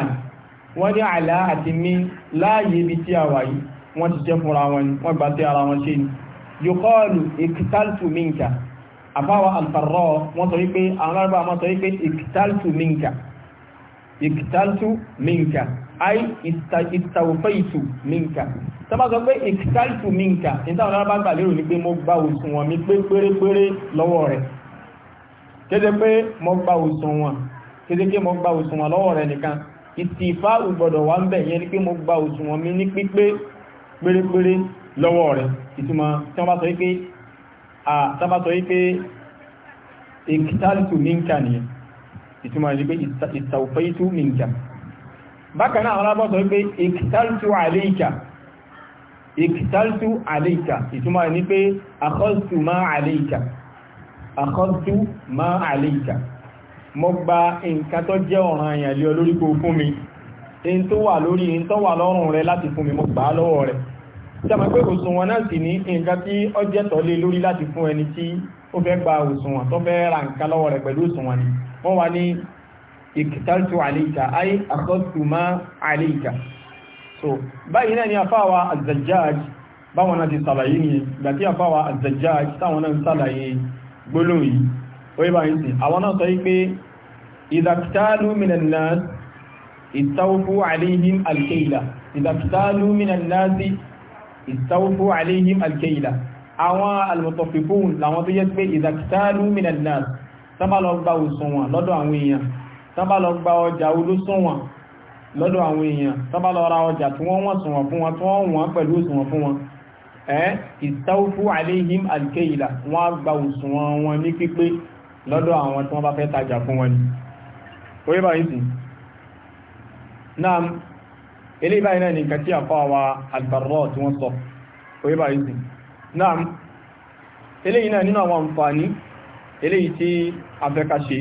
wọ́n ní àlá àti mí láàyè ibi tí a wà yìí wọ́n ti jẹ́ fúnra wọn wọ́n gbà tí ara wọn ṣe ni yòkọ́ọ̀lù ìkìtàltù minka àfáwà alfarọ́ wọ́n sọ wípé àwọn lárúbá wọ́n sọ wípé minka ìkìtàltù minka ai ìtàwọ̀fẹ́ìtù minka tó minka ní táwọn lárúbá gbà lérò ní pé mo gba òṣùwọ̀n mi pé pérépéré lọ́wọ́ rẹ̀ kéde pé mo gba òṣùwọ̀n kéde pé mo gba lọ́wọ́ rẹ̀ nìkan ìtìfáàrù gbọ́dọ̀ wà ń bẹ̀ yẹn ni pé mo gba òṣùwọ̀n mi ní pípé pérépéré lọ́wọ́ rẹ̀ ìtumọ̀ tí wọ́n bá sọ wípé àtàbà sọ wípé ìkítàlìtù minka ni ìtumọ̀ ní pé ìtàùfẹ́ìtù minka bákan náà alábọ́ sọ wípé ìkítàlìtù àlẹ́ìkà ìkítàlìtù àlẹ́ìkà ìtumọ̀ ní pé àkọ́sù má àlẹ́ìkà àkọ́sù àlẹ́ìkà mo gba nǹkan tó jẹ́ ọ̀ràn àyàn lé olórí kò fún mi in tó wà lórí in tó wà lọ́rùn rẹ láti fún mi mo gbà á lọ́wọ́ rẹ̀ sẹ́mọ̀ pé òṣùwọ̀n náà sì ní nǹkan tí ó jẹ́ tọ́lé lórí láti fún ẹni tí ó fẹ́ gba òṣùwọ̀n tó fẹ́ ra nǹkan lọ́wọ́ rẹ̀ pẹ̀lú òṣùwọ̀n ni wọ́n wà ní ìkìtàlùtù àlèkà ayé àkọ́tù má so báyìí náà ni afáwa azajaj, zajjaj báwọn náà ti sàlàyé ni ìgbà tí afáwa az-Zajjaj táwọn náà ń sàlàyé gbólóhùn oríba ìsì àwọn náà sọ wípé ìdàkítàlú minannas ìtawfu alayhim alkeila ìdàkítàlú minannas ìtawfu alayhim alkeila àwọn almutaffifun làwọn tó yẹ pé ìdàkítàlú minannas sábà lọ gba òṣùnwọ̀n lọ́dọ̀ àwọn èèyàn sábà lọ gba ọjà olóṣùnwọ̀n lọ́dọ̀ àwọn èèyàn sábà lọ ra ọjà tí wọ́n wọ́n sùnwọ̀n fún wọn tí wọ́n wọ́n pẹ̀lú òṣùnwọ̀n wọn ẹ́ wọn lọ́dọ̀ àwọn tí wọ́n bá fẹ́ tajà fún wọn ni orí bá yìí náà ilé báyìí náà ni nǹkan tí àfọ́ àwa àgbàrọ̀ tí wọ́n sọ orí bá yìí náà ilé yìí náà nínú àwọn àǹfààní ilé yìí tí afẹ́kàṣe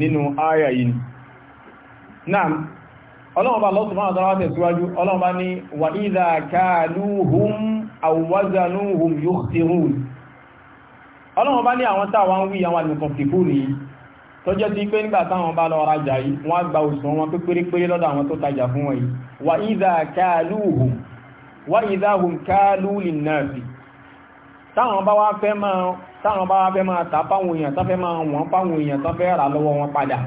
nínú àyà yìí náà ọlọ́ọ̀bá lọ́sùnmọ́ ni wà ìdàkàlúhùm àwọ́zanúhùm yóò ọlọ́run bá ní àwọn táwa ń wí àwọn àlùmọ̀kọ̀fìkú nìyí tó jẹ́ sí pé nígbà táwọn bá lọ rajà yìí wọ́n á gba òsùn wọn pé pérépéré lọ́dọ̀ àwọn tó tajà fún wọn yìí wà ìdá káàlùhùn wà ìdá hùn káàlùlì náà sí táwọn bá wá fẹ́ máa tà fáwọn èèyàn tó fẹ́ máa wọ́n fáwọn èèyàn tó fẹ́ rà lọ́wọ́ wọn padà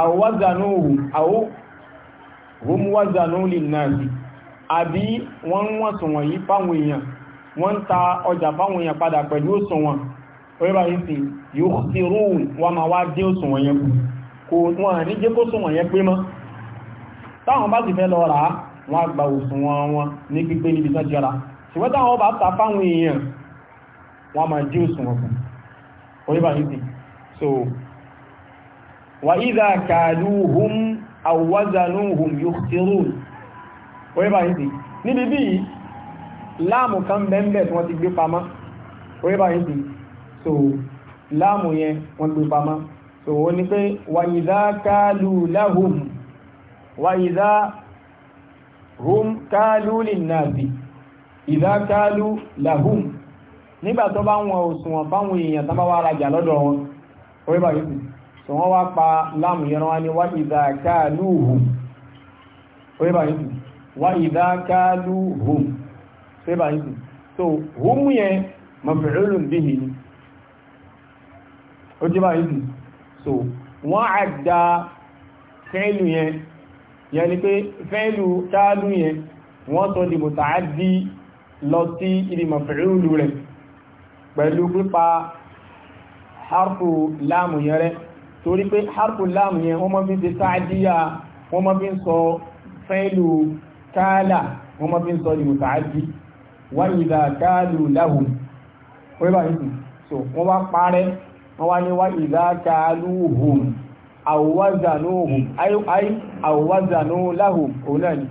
àwọ̀wázanúhùn àwọ̀ wọ́n ń ta ọjà fáwọn èèyàn padà pẹ̀lú òṣùwọ̀n orípa ìsìn yóò ti rúùn wọ́n máa wá dín òṣùwọ̀n yẹn kù kò wọ́n ní jẹ́ kó òṣùwọ̀n yẹn pé mọ́ táwọn bá sì fẹ́ lọ rà á wọ́n á gba òṣùwọ̀n wọn ní pípé níbi tán jọra ṣùgbọ́n táwọn bá ta fáwọn èèyàn wọ́n máa dín òṣùwọ̀n kù orípa ìsìn so wa idha kàlúhùm aw wazanuhum yukhsirun orípa ìsìn níbi bíi láàmù kan bẹ́ẹ̀ tí wọ́n ti gbé pamọ́ orí bá yìí so láàmù yẹn wọ́n gbé pamọ́ so ó ní pé wàyíza káàlù láhùm wàyíza hum káàlù lìnàbì ìdá káàlù láhùm nígbà tó bá wọn òṣùwọ̀n fáwọn èèyàn tán bá wá rajà lọ́dọ̀ wọn orí bá yìí so wọ́n wá pa láàmù yẹn wọ́n ní wàyíza káàlù hum orí bá yìí wàyíza káàlù hum sẹ́bà yìí so húmú yẹn maf'ulun bihi ni ó jẹ́ bá yìí so wọ́n á da fẹ́ẹ̀lù yẹn yẹn ni pé fẹ́ẹ̀lù táàlù yẹn wọ́n sọ di muta'addi lọ sí ibi maf'ulu rẹ̀ pẹ̀lú pípa harfu láàmù yẹn rẹ̀ torí pé harfu láàmù yẹn wọ́n mọ́ fi ṣe ta'diya wọ́n mọ́ fi ń sọ fẹ́ẹ̀lù káàlà wọ́n mọ́ fi ń sọ di muta'addi wọ́n ìdá káàlù láhùn wọ́n bá yìí so wọ́n bá parẹ́ wọ́n wá ní wọ́n ìdá káàlù hùn àwọ̀wázànú hùn ayé àwọ̀wázànú láhùn òun náà ni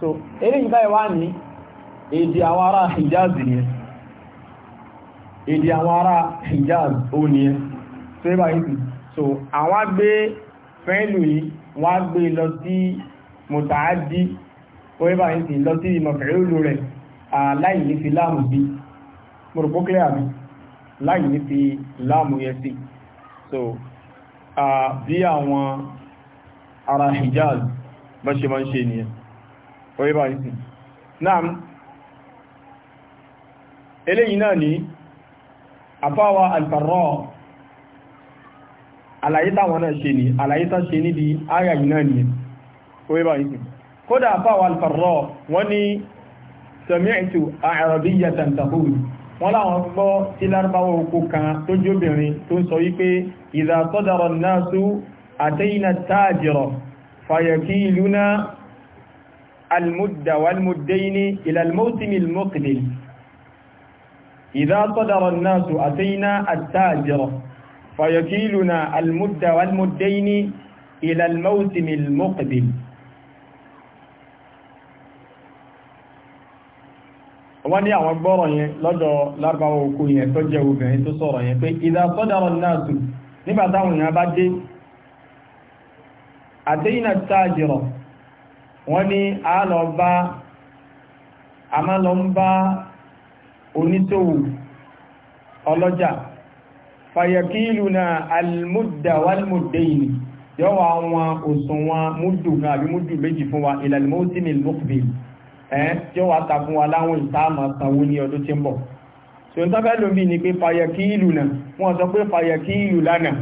so eléyìí báyìí wá ní èdè àwọn ará Hijaz nìyẹn èdè àwọn ará Hijaz ó nìyẹn so wọ́n bá yìí so àwọn gbé fẹ́ẹ̀lù yìí wọ́n gbé lọ sí mọ̀tàádì wọ́n bá yìí lọ sí ìmọ̀fẹ́lú láì ní fi láàmù bí mọ̀rọ̀pọ̀ clear àmì láì ní fi láàmù yẹ sí so bí àwọn ará hijaz bá ṣe máa ń ṣe nìyẹn oye bá ìsìn náà eléyìí náà ní àfáwà alfarọ́ àlàyé táwọn náà ṣe ní àlàyé tá ṣe níbi áyà yìí náà nìyẹn oye bá ìsìn kódà àfáwà alfarọ́ wọ́n ní sami'tu a'rabiyyatan taqulu wọ́n láwọn gbọ́ tí lárúbáwọ̀ oko kan tó jóbìnrin tó sọ wípé idha sadara an-nasu atayna at-tajira fayakiluna المد والمدين إلى الموسم المقبل إذا صدر wọ́n ní àwọn gbọ́rọ̀ yẹn lọ́dọ̀ lárúbáwọ̀ oko yẹn tó jẹ́ obìnrin tó sọ̀rọ̀ yẹn pé ìdá sọ́dọ̀rọ̀ náà tù nígbà táwọn èèyàn bá dé àtẹ́yìnà tààjìrọ̀ wọ́n ní a lọ bá a máa lọ ń bá onítòwò ọlọ́jà fàyẹ̀kílù na almudda walmuddaini yọ́wọ́ àwọn òsùnwọ̀n múdù náà àbí múdù méjì fún wa ìlàlmọ́sí ni lókùnrin ẹ́n tí ó wà ta fún wa láwọn ìtaàmà sanwó ní ọdún tí ń bọ̀ so n tọ́fẹ́ lómi ni pé fàyẹ̀kí ìlú náà wọ́n sọ pé fàyẹ̀kí ìlú lánàá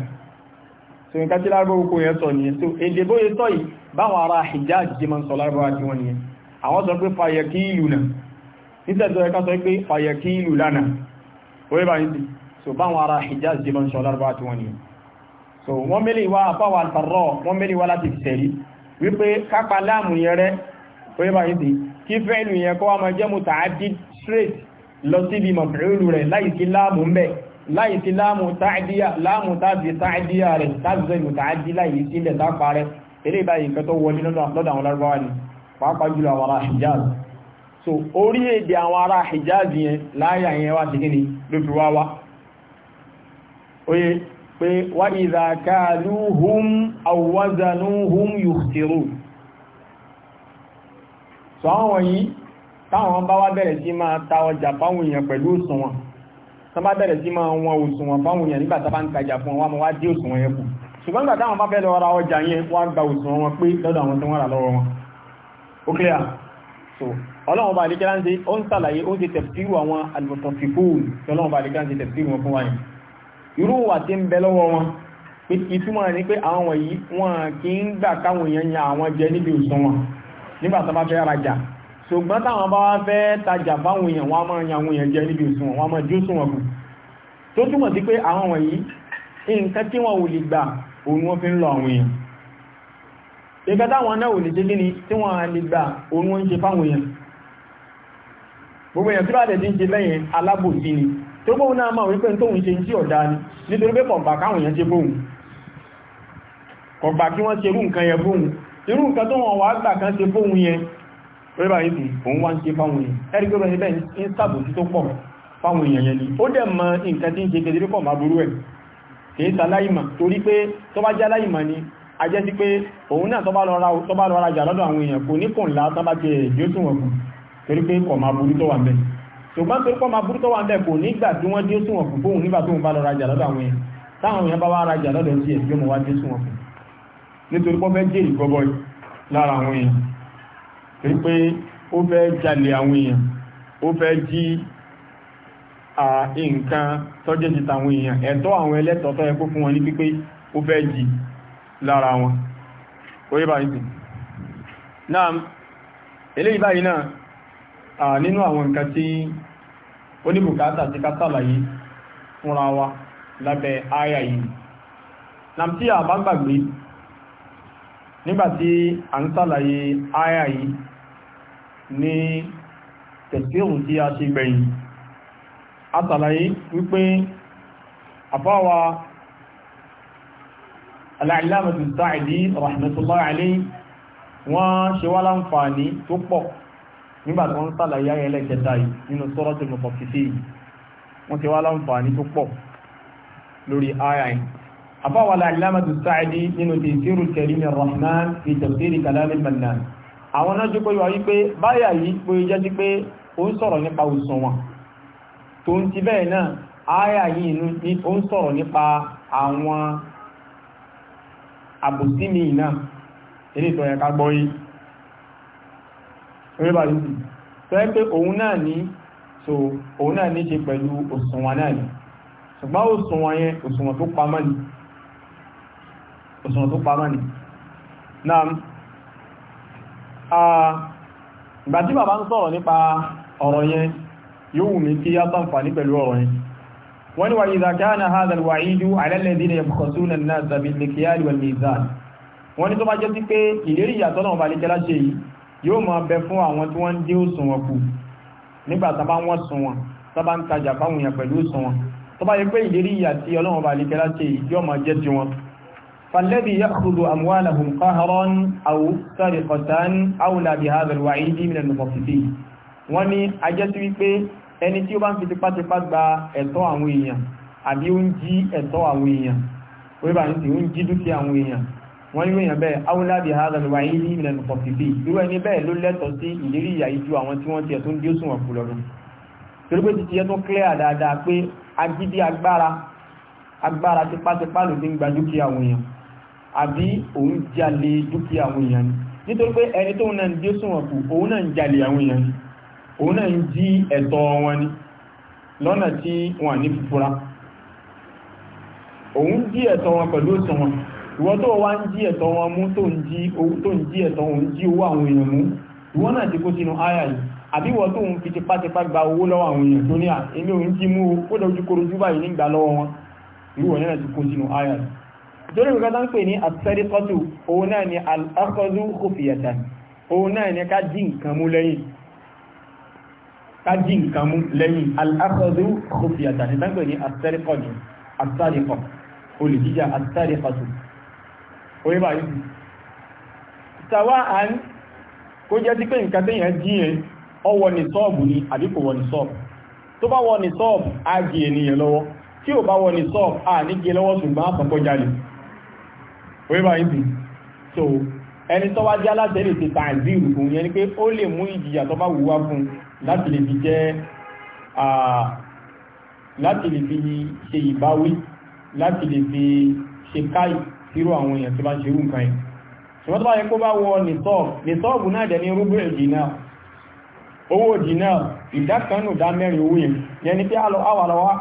so n kájí lágbó oko yẹn sọ nìyẹn so èdè bóyẹ sọ yìí báwọn ará Hijaz jí mọ́ sọ lágbára tí wọ́n nìyẹn àwọn sọ pé fàyẹ̀kí ìlú náà nítẹ̀tọ́ ẹ̀ká sọ pé fàyẹ̀kí ìlú lánàá ó yẹ báyìí sí so báwọn ará Hijaz mọ́ wípé kápá láàmù yẹn rẹ́ báyìí kí fẹ́ẹ̀lù yẹn kọ́ wá máa jẹ́ muta'addid straight lọ síbi maf'ulu rẹ̀ láì sí láàmù ń bẹ̀ láì sí láàmù ta'diya láàmù tàbí ta'diya rẹ̀ tàbí muta'addi láì sí ilẹ̀ tápa rẹ̀ eré àwọn lárúbáwá ni pàápàá jùlọ so orílẹ̀-èdè àwọn ará hijaz yẹn láyà yẹn wá sí kíni ló fi wá so àwọn wọ̀nyí táwọn bá wá bẹ̀rẹ̀ sí máa ta ọjà fáwọn èèyàn pẹ̀lú òṣùwọ̀n tán bá bẹ̀rẹ̀ sí máa wọn òṣùwọ̀n fáwọn èèyàn nígbà tá bá ń tajà fún wọn wá dí òṣùwọ̀n yẹn kù ṣùgbọ́n nígbà táwọn bá fẹ́ lọ ra ọjà yẹn wá gba òṣùwọ̀n wọn pé lọ́dọ̀ àwọn tó wọ́n so ọlọ́run bá lè kíláń ṣe ó ń sàlàyé ó ń ṣe tẹ̀síwò àwọn al-mutaffifun tí ọlọ́run bá lè kíláń ṣe tẹ̀síwò wọn fún wa ni pé àwọn wọ̀nyí nígbà tó bá fẹ́ rajà ṣùgbọ́n táwọn bá wá fẹ́ tajà fáwọn èèyàn wọn a máa yan àwọn èèyàn jẹ níbi òṣùwọ̀n wọn a máa jó sùnwọ̀n kù tó túmọ̀ sí pé àwọn wọ̀nyí nǹkan tí wọn ò lè gbà òun wọn fi ń lọ àwọn èèyàn nǹkan táwọn náà ò lè ṣe kíni tí wọn lè gbà òun gbogbo èèyàn tí bá dẹ̀ ti ń ṣe lẹ́yìn alábòsí ni tó gbóhùn náà máa wípé tóhun ṣe ń tí ọ̀dá ni nítorí pé kọ̀gbà káwọn èèyàn ṣe bóhùn kọ̀gbà kí wọ́n ṣe rú nǹkan yẹ bóhùn irú nǹkan tó wọn wà gbà kan ṣe fóhun yẹn rẹ́bà yìí òun wá ń ṣe fáwọn èèyàn ẹ̀rí gbọ́dọ̀ níbẹ̀ ń sàbòsí tó pọ̀ fáwọn èèyàn yẹn ni ó dẹ̀ mọ nǹkan tí ń ṣe kedere pọ̀ máa burú ẹ̀ kì í ṣaláìmọ̀ torí pé tó bá jẹ́ aláìmọ̀ ni a jẹ́ sí pé òun náà tó bá lọ rajà lọ́dọ̀ àwọn èèyàn kò ní kùn lásán bá ti ẹ̀jọ́ sùn wọ̀n kù torí pé kọ̀ máa burú tó wà bẹ́ẹ̀ ṣùgbọ́n torí pọ̀ máa burú tó wà bẹ́ẹ̀ kò ní gbà tí wọ́n dé sùn kù fóun nígbà tóun bá lọ rajà lọ́dọ̀ àwọn èèyàn táwọn èèyàn bá wá rajà lọ́dọ̀ sí ẹ̀jọ́ mọ̀ wá dé sùn kù nítorí pọ́ fẹ́ jẹ́ ìgọbọ lára àwọn èèyàn torí pé ó fẹ́ jalè àwọn èèyàn ó fẹ́ jí nǹkan tọ́jẹ́ ti tàwọn èèyàn ẹ̀tọ́ àwọn ẹlẹ́tọ̀ọ́ tó yẹ kó fún wọn ní pípé ó fẹ́ jí lára wọn orí báyìí sí náà eléyìí tí ó ní bùkátà nígbàtí a ń sàlàyé àyà yìí ní tẹ̀síhùn tí a ṣe gbẹ̀yìn a sàlàyé wípé àfáwà aláìlámàtí sáàdì rahmatullahi alayhi wọ́n ṣe wá láǹfààní tó pọ̀ nígbàtí wọ́n sàlàyé àyà ẹlẹ́kẹta yìí nínú suratul Mutaffifin wọ́n ṣe wá láǹfààní tó pọ̀ lórí àyà yìí أفوى العلامة السعدي من تيسير الكريم الرحمن في تفسير كلام المنان àwọn náà jókòó yíwa wípé báyà yìí pé jẹ́ sí pé ó ń sọ̀rọ̀ nípa òṣùwọ̀n tó ń ti bẹ́ẹ̀ náà ááyà yìí ní ó ń sọ̀rọ̀ nípa àwọn àbòsími náà eré ìtọ́ ẹ̀ka gbọ́ yìí orí bá yìí tó ẹ́ pé òun náà ní so òun náà ní ṣe pẹ̀lú òṣùwọ̀n náà ni ṣùgbọ́n òṣùwọ̀n yẹn òṣùwọ̀n tó pamọ́ ni òṣùwọ̀n tó pamọ́ ni náà ìgbà tí bàbá ń sọ̀rọ̀ nípa ọ̀rọ̀ yẹn yóò wù mí kí yá sàǹfàní pẹ̀lú ọ̀rọ̀ yẹn wọ́n ni wà ìdá káàna hadha alwa'idu ala alladhina yabkhasuna an-nasa bil-mikyal wal-mizan wọ́n ni tó bá jẹ́ sí pé ìlérí ìyàtọ̀ náà balẹ̀ jẹ́ láṣẹ yìí yóò máa bẹ fún àwọn tí wọ́n ń tajà fáwọn èèyàn pẹ̀lú òṣùwọ̀n tó bá pé ìlérí ìyà tí Ọlọ́run balẹ̀ jẹ́ láṣẹ yìí yóò máa jẹ́ ti wọn فالذي يأخذ أموالهم قهرا أو سرقة أولى بهذا الوعيد من المطففين wọ́n ní ajẹ́sí wípé ẹni tí ó bá ń fi tipátipá gba ẹ̀tọ́ àwọn èèyàn àbí ó ń jí ẹ̀tọ́ àwọn èèyàn orí bá ń tí ó ń jí dúkìá àwọn èèyàn wọ́n ní èèyàn bẹ́ẹ̀ aula bi hadha alwa'id min al-mutaffifin irú ẹni bẹ́ẹ̀ ló lẹ́tọ̀ọ́ sí ìlérí ìyà yìí ju àwọn tí wọ́n tiẹ̀ tó ń dí òsùn wọn kù lọ́dún torí pé titi yẹn tó clear dáadáa pé agídí agbára agbára tipátipá ló ti ń gba dúkìá àwọn èèyàn àbí òun jalè dúkìá àwọn èèyàn ni nítorí pé ẹni tó náà ń dé sùnwọ̀n kù òun náà ń jalè àwọn èèyàn ni òun náà ń jí ẹ̀tọ́ wọn ni lọ́nà tí wọn ní fúfúra òun jí ẹ̀tọ́ wọn pẹ̀lú òsùnwọ̀n ìwọ tó wá ń jí ẹ̀tọ́ wọn mú tó ń jí ẹ̀tọ́ wọn jí owó àwọn èèyàn mú ìwọ náà ti kó sínú áyà yìí àbí ìwọ tó ń fi tipátipá gba owó lọ́wọ́ àwọn èèyàn tó ní à èmi òun jí mú ó kó dojú korojú báyìí nígbà lọ́wọ́ wọn ìwọ náà ti kó sínú áyà yìí lórí nǹkan tó ń pè ní àtẹ́ríkọ́tù òun náà ni al-akhdhu khufiyatan òun náà ni ká jí nǹkan mú lẹ́yìn ká jí nǹkan mú lẹ́yìn al-akhdhu khufiyatan ní tánkò ní àtẹ́ríkọ́tù àtẹ́ríkọ́ olùjíjà àtẹ́ríkọ́tù orí bá yìí tàwa à ń kó jẹ́ sí pé nǹkan téèyàn jí yẹn ó wọ ní sọ́ọ̀bù tó bá wọ ní sọ́ọ̀bù á gé ènìyàn lọ́wọ́ tí ò bá wọ ní sọ́ọ̀bù á ní gé lọ́wọ́ ṣùgbọ́n á sọ wíwá ìbí so ẹni tó wá jẹ́ aláṣẹ lè ṣe tàǹzìrù fún yẹn ni pé ó lè mú ìjìyà tó bá wùwá fún láti lè fi jẹ́ láti lè fi ṣe ìbáwí láti lè fi ṣe káì sírò àwọn èèyàn tó bá ṣe irú nǹkan yẹn ṣùgbọ́n tó bá yẹ kó bá wọ nìtọ́ọ̀bù nìtọ́ọ̀bù náà dẹ̀ ní rúbù ìdínà owó ìdínà ìdá kan nù dá mẹ́rin owó yẹn yẹn ni pé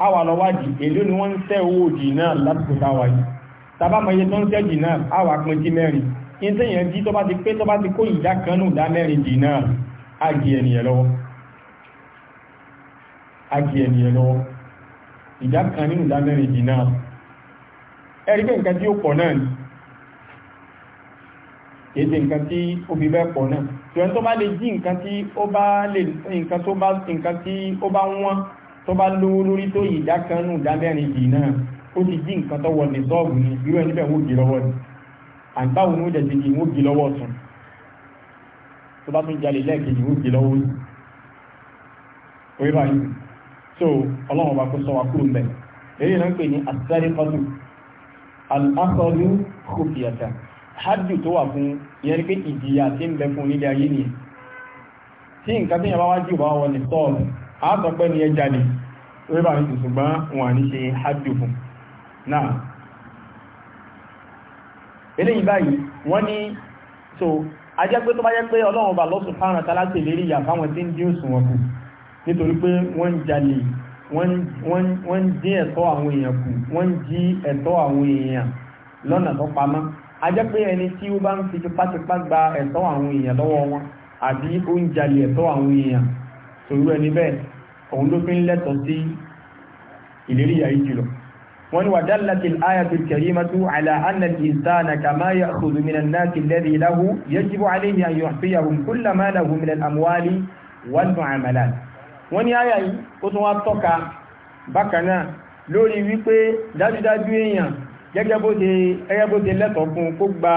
àwàlọ́wádìí èlò ni wọ́n ń tẹ́ owó ìdínà lásìkò táwa yìí tàbámọ̀ iye tó ń tẹ́jì náà á wà pín sí mẹ́rin kí n tẹ́yàn jí tó bá ti pé tó bá ti kó ìdá kan nù dá mẹ́rin dì náà á gé ẹnìyàn lọ́wọ́ á gé ẹnìyàn lọ́wọ́ ìdá kan nínú dá mẹ́rin dì náà ẹ̀rí pé nǹkan tí ó pọ̀ náà ni èdè nǹkan tí ó fi bẹ́ẹ̀ pọ̀ náà ṣùgbọ́n tó bá lè jí nǹkan tí ó bá lè nǹkan tó bá nǹkan tí ó bá wọ́n tó bá lówó lórí tó ìdá kan nù dá mẹ́rin dì náà ó ti jí nǹkan tó wọ ní sọ́ọ̀bù ni irú ẹni bẹ́ẹ̀ wọ́n gé lọ́wọ́ ni àgbáwo ni ó jẹ́ ti di wọ́n gé lọ́wọ́ tún tó bá tún jalè lẹ́ẹ̀kejì wọ́n gé lọ́wọ́ yìí orí báyìí so ọlọ́run ọba kó sọ wa kúrò mbẹ́ èyí náà ń pè ní as-sariqatu al-akhadhu khufiyatan hajj tó wà fún ìyẹn pé ìjìyà tí ń bẹ fún nílé ayé nìyẹn tí nǹkan tí ìyàwó wájú bá wọ ní sọ́ọ̀lù àátọ́pẹ́ ni ẹ jalè orí báyìí ṣùgbọ́n wọn à ní ṣe hajj fún un náà eléyìí báyìí wọ́n ní so ajẹ́ pé tó bá jẹ́ pé ọlọ́run ọba Allah subhanahu wa ta'ala ṣe lérí ìyà fáwọn tí ń dín òsùn wọn kù nítorí pé wọ́n ń jalè wọ́n ń dín ẹ̀tọ́ àwọn èèyàn kù wọ́n ń jí ẹ̀tọ́ àwọn èèyàn lọ́nà tó pamọ́ ajẹ́ pé ẹni tí ó bá ń fi tipátipá gba ẹ̀tọ́ àwọn èèyàn lọ́wọ́ wọn àbí ó ń jalè ẹ̀tọ́ àwọn èèyàn sòrú ẹni bẹ́ẹ̀ òun ló fi ń lẹ́tọ̀ọ́ sí ìlérí ìyà yìí jùlọ wọ́n wà dálàtìl ayatul karimatu ala anna al-insana kama ya'khudhu min an-nasi alladhi lahu yajibu alayhi an yu'tiyahum kulla ma lahu min al-amwali wal mu'amalat wọ́n ní àyà yìí ó tún wá tọ́ka bákanáà lórí wípé dájúdájú èèyàn gẹ́gẹ́ bó ṣe gẹ́gẹ́ bó ṣe lẹ́tọ̀ọ́ fún kó gba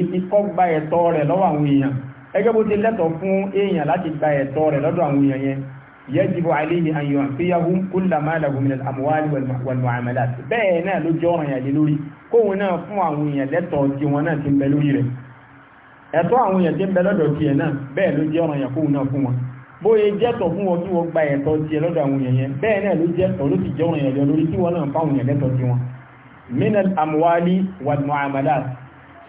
ìfikọ́ gba ẹ̀tọ́ rẹ̀ lọ́wọ́ àwọn èèyàn gẹ́gẹ́ bó ṣe lẹ́tọ̀ọ́ fún èèyàn láti gba ẹ̀tọ́ rẹ̀ lọ́dọ̀ àwọn èèyàn yẹn yajibu alayhi an yu'tiyahum kulla ma lahu min al-amwali wal mu'amalat bẹ́ẹ̀ náà ló jọ́ ọ̀ràn yàlé lórí kóhun náà fún àwọn èèyàn lẹ́tọ̀ọ́ tí wọn náà ti ń bẹ lórí rẹ̀ ẹ̀tọ́ àwọn èèyàn ti ń bẹ lọ́dọ̀ tiẹ̀ náà bẹ́ẹ̀ ló jẹ́ ọ̀ràn yàn kóhun náà fún wọn bóyá jẹ́tọ̀ fún wọn kí wọ́n gba ẹ̀tọ́ tiẹ̀ lọ́dọ̀ àwọn èèyàn yẹn bẹ́ẹ̀ náà ló jẹ́tọ̀ ló ti jẹ́ ọ̀ràn yàn lórí tí wọn náà fáwọn èèyàn lẹ́tọ̀ọ́ tiwọn min al-amwali wal mu'amalat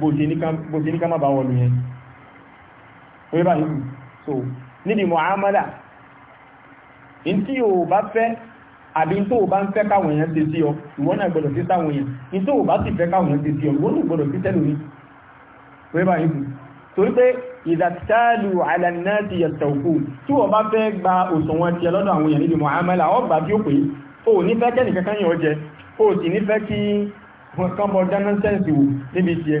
bó ṣe ní ká má bá wọlú yẹn orí bá nìkú so níbi mu'amala in tí o bá fẹ́ àbí tó o bá ń fẹ́ káwọn èèyàn ṣe sí ọ ìwọ náà gbọdọ̀ sí sáwọn èèyàn in tó o bá sì fẹ́ káwọn èèyàn ṣe sí ọ ìwọ náà gbọdọ̀ sí tẹ́lómi orí bá nìkú torí pé ìdàtàlù àlànà ti yàtọ̀ òkú tí wọ́n bá mu'amala ọgbà tí o ní fẹ́ kẹ́nìkankan yàn o sì ní fẹ́ kí wọ́n kán sẹ́ǹsì wò níbi tiẹ̀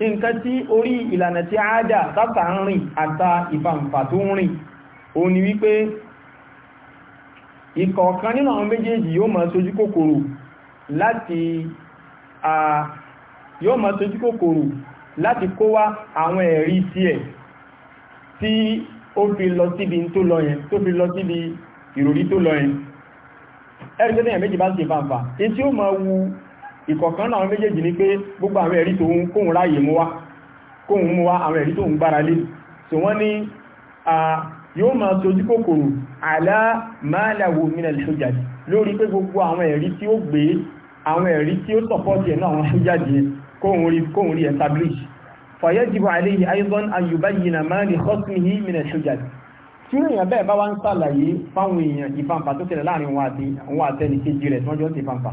nǹkan tí orí ìlànà tí àádà tàbí ń rìn àta ìfàǹfà tó ń rìn o ni wípé ìkọ̀ọ̀kan nínú àwọn méjèèjì yóò máa sojú kòkòrò láti a yóò máa sojú kòkòrò láti kó wá àwọn ẹ̀rí sí ẹ̀ tí ó fi lọ síbi tó lọ yẹn tó fi lọ síbi ìròrí tó lọ ẹ̀rí tó ìkọ̀kan náà méjèèjì ni pé gbogbo àwọn ẹ̀rí tó ń kóhun ráyè mú wá kóhun mú wá àwọn ẹ̀rí tó ń gbára lé so wọ́n ní yóò máa sojú kòkòrò aláàmàláwò minal hujjaj lórí pé gbogbo àwọn ẹ̀rí tí ó gbé àwọn ẹ̀rí tí ó sọpọ́tì ẹ̀ náà wọn hujjaj yẹn kóhun rí establish fayajibu alayhi aidan an yubayyina ma li khasmihi minal bẹ́ẹ̀ bá wá ń sàlàyé fáwọn èèyàn ìfàǹfà tó tẹ̀lé láàrin wọn àti àwọn àtẹnìkejì rẹ̀ tí wọ́n jọ ti fàǹfà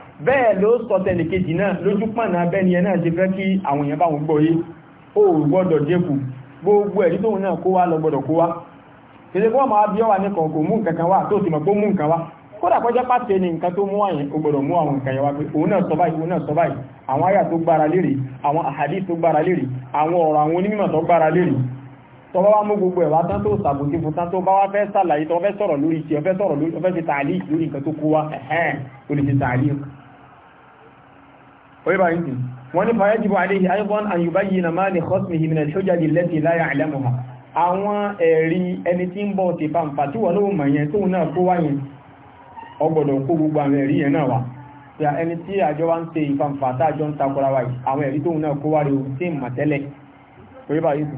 bẹ́ẹ̀ ló sọ tẹnìkejì náà lójú pànà abẹ́ni ẹ̀ náà ṣe fẹ́ kí àwọn èèyàn bá wọn gbọ́ yé ó gbọ́dọ̀ jẹ́kù gbogbo ẹ̀rí tóun náà kó wá lọ gbọ́dọ̀ kó wá kìí kó máa bí ọwà ní kò mú nǹkan kan wá tó sì mọ̀ pé mú nǹkan wá kódà kọjá pàṣẹ ni nǹkan tó mú àyẹn ó gbọ́dọ̀ mú àwọn nǹkan yẹn wá pé òun náà sọ báyìí òun náà sọ báyìí àwọn àyà tó gbára lérè àwọn àhàdí tó gbára tọba wa mú gbogbo tán tó sàbòtí oyeba yìí wọ́n ní fayajibu alayhi aydan an yubayyina ma li khasmihi min al-hujaj allati la ya'lamuha àwọn ẹ̀rí ẹni tí ń bọ̀ ti fàǹfà tí wọ́n ló mọ̀ yẹn tóun náà kó wá yẹn ọgbọ̀dọ̀ kó gbogbo àwọn ẹ̀rí yẹn náà wá pé ẹni tí àjọ wá ń ṣe ìfàǹfà táàjọ ń takora wa yìí àwọn ẹ̀rí tóun náà kó wá rí ohun tí ń mọ̀ tẹ́lẹ̀ oyeba yìí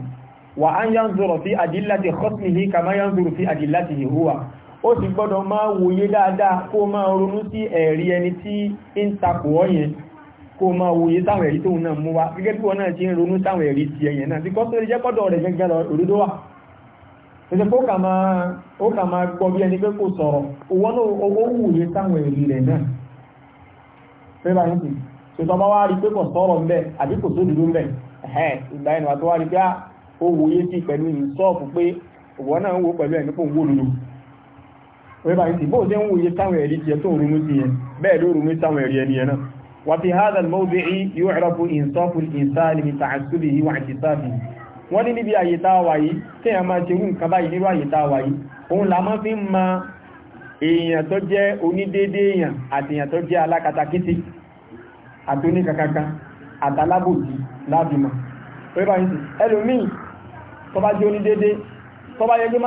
wa an yanzura fi adillati khasmihi kama yanzuru fi adillatihi huwa ó sì gbọ́dọ̀ máa wòye dáadáa kó máa ronú sí ẹ̀rí ẹni tí ń takò ọ́ yẹn kó máa wòye sáwọn ẹ̀rí tóun náà mú wá gẹ́gẹ́ bí wọn náà ti ń ronú sáwọn ẹ̀rí ti ẹ̀yẹn náà bíkọ́ tó lè jẹ́ pọ́dọ̀ rẹ̀ gẹ́gẹ́ lọ òdodo wà ṣe pé ó kà máa gbọ́ bí ẹni pé kò sọ̀rọ̀ owó náà ó wòye sáwọn ẹ̀rí rẹ̀ náà pẹ́lú àyè tí ṣètò ọba wá rí pé kò sọ̀rọ̀ ń wòye sáwọn ẹ̀rí tiẹ̀ tó ń ronú sí yẹn bẹ́ẹ̀ ló ronú sáwọn ẹ̀rí ẹni yẹn náà وفي هذا الموضع يعرف إنصاف الإنسان بتعسبه واعتصابه wọ́n ní níbi àyè táwà yìí tí a máa ṣe rúnkà báyìí nírú àyè táwà yìí òun la máa fi ń ma èèyàn tó jẹ́ onídéédé èèyàn àti èèyàn tó jẹ́ alákatakítí àtóníkakaka àtàlábòjì lábìmọ̀ pẹ́bà ní ẹlòmíì tó bá jẹ́ onídéédé tó bá yẹjú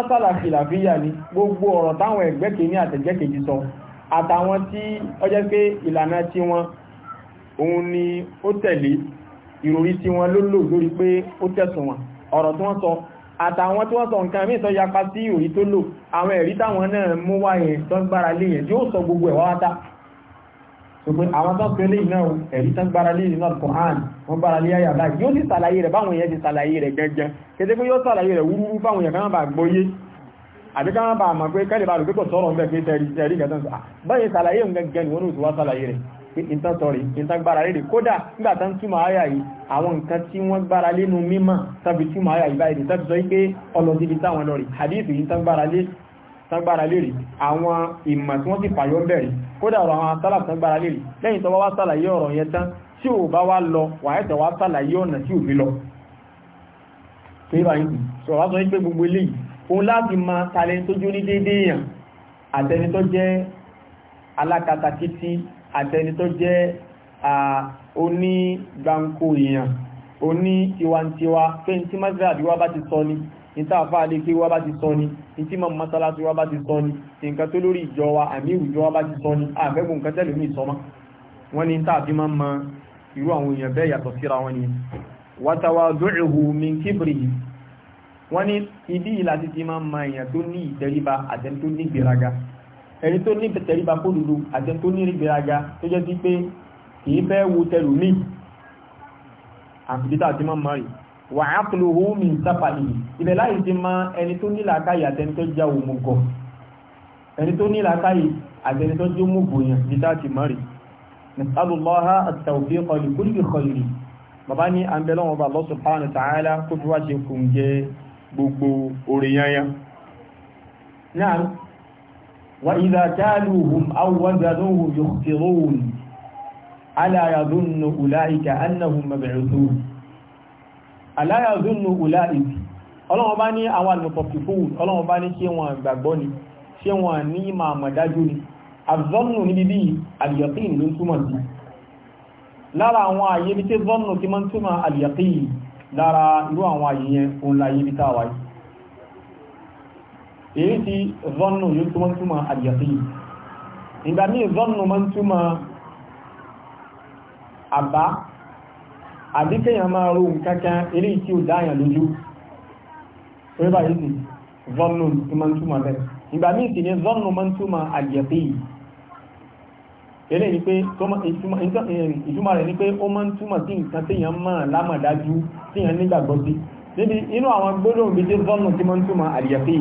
mọ́sálà òun ni ó tẹ̀lé ìròrí tí wọ́n ló lò lórí pé ó tẹ̀sùn wọn ọ̀rọ̀ tí wọ́n sọ àtàwọn tí wọ́n sọ nǹkan míì tó yapa sí ìròrí tó lò àwọn ẹ̀rí táwọn náà mú wá yẹn tó gbára lé yẹn yóò sọ gbogbo ẹ̀ wátá ṣùgbọ́n àwọn tó pe lé iná ẹ̀rí tó ń gbára lé iná Qur'an wọ́n gbára lé ayà báyìí yóò sì ṣàlàyé rẹ̀ báwọn yẹn ti ṣàlàyé rẹ̀ gẹ́gẹ́ kété pé yóò ṣàlàyé rẹ̀ wúrúwú fáwọn yẹn kan bá gbọ́yé àbí ká má bàa mọ̀ pé kẹ́lẹ̀ bá rò pé kò sọ̀rọ̀ ń bẹ̀ pé tẹ̀rí tẹ̀rí gẹ̀ẹ́sán ah, báyìí ìtàn sọ̀rí ìtàn gbára lédè kódà nígbà tán túmọ̀ àyà yìí àwọn nǹkan tí wọ́n gbára lé nu mímọ̀ tàbí túmọ̀ àyà yìí báyìí tàbí sọ pé ọlọ́díbi táwọn lọ rí hadith yìí tán gbára lé tán gbára lé rí àwọn ìmọ̀ tí wọ́n ti fàyọ́ bẹ̀rẹ̀ kódà ọ̀rọ̀ àwọn asálà tán gbára lé rí lẹ́yìn tó bá wá sàlàyé ọ̀rọ̀ yẹn tán tí ò bá wá àtẹni tó jẹ́ oní gbáǹkó èèyàn oní tiwantiwa pé n tí mazrad wá bá ti sọ ni ìta àfá àlékí wá bá ti sọ ni ìtí mọ̀ mọ́sálásí wá bá ti sọ ni nǹkan tó lórí ìjọ wa àmì ìrùjọ wá bá ti sọ ni àfẹ́gùn nǹkan tẹ́lẹ̀ mí sọmọ́ wọ́n ni tàà fi máa ma irú àwọn èèyàn bẹ́ẹ̀ yàtọ̀ síra wọn ni wátawà dùrùhù min kíbrì wọ́n ni ibi ìlà ti ti máa ma èèyàn tó ní ìtẹríba àtẹni tó ní ìgbéraga ẹni tó ní tẹríba fódodo àti tó ní ìgbéraga tó jẹ́ sí pé kì í fẹ́ wo tẹrù mí àfìdítà àti mọ́mọ́ rẹ̀ wà á kúlò hó mi sápà nìyí ibẹ̀ láyé ti mọ ẹni tó ní làákàyè àtẹni tó já òmùgọ̀ ẹni tó ní làákàyè àtẹni tó jẹ́ òmùgọ̀ yẹn fìdítà àti mọ́ rẹ̀ nasalullaha at-tawfiqa li bàbá ní àǹbẹ̀lọ́wọ̀n bá Allah وإذا كالوهم أو وزنوهم يخسرون ألا يظن أولئك أنهم مبعوثون ألا يظن أولئك ọlọ́run bá ní àwọn alùpọ̀pìfòwò ọlọ́run bá ní ṣé wọn gbàgbọ́ ni ṣé wọn ní ìmọ̀ àmọ̀dájú ni àzọ́nù níbi bí àlìyàkín ló túmọ̀ sí lára àwọn àyè bí tí zọ́nù ti máa ń túmọ̀ àlìyàkín lára irú àwọn àyè yẹn òun láyé bí táwáyé èyí tí zọ́nù yóò túnmọ́ túnmọ́ àyàfi ìgbà ní zọ́nù mọ́ túnmọ́ àbá àbí kéèyàn máa ro kankan eré tí ó dáyàn lójú orí bá yìí zọ́nù túnmọ́ bẹ́ẹ̀ ìgbà míì sì ní zọ́nù mọ́ túnmọ́ àyàfi eré ni pé ìtumọ̀ rẹ̀ ni pé ó máa ń túmọ̀ sí nǹkan téèyàn máa lámọ̀dájú téèyàn nígbàgbọ́ sí níbi inú àwọn gbólóhùn bíi tí zọ́nù tí máa ń túmọ̀ yìí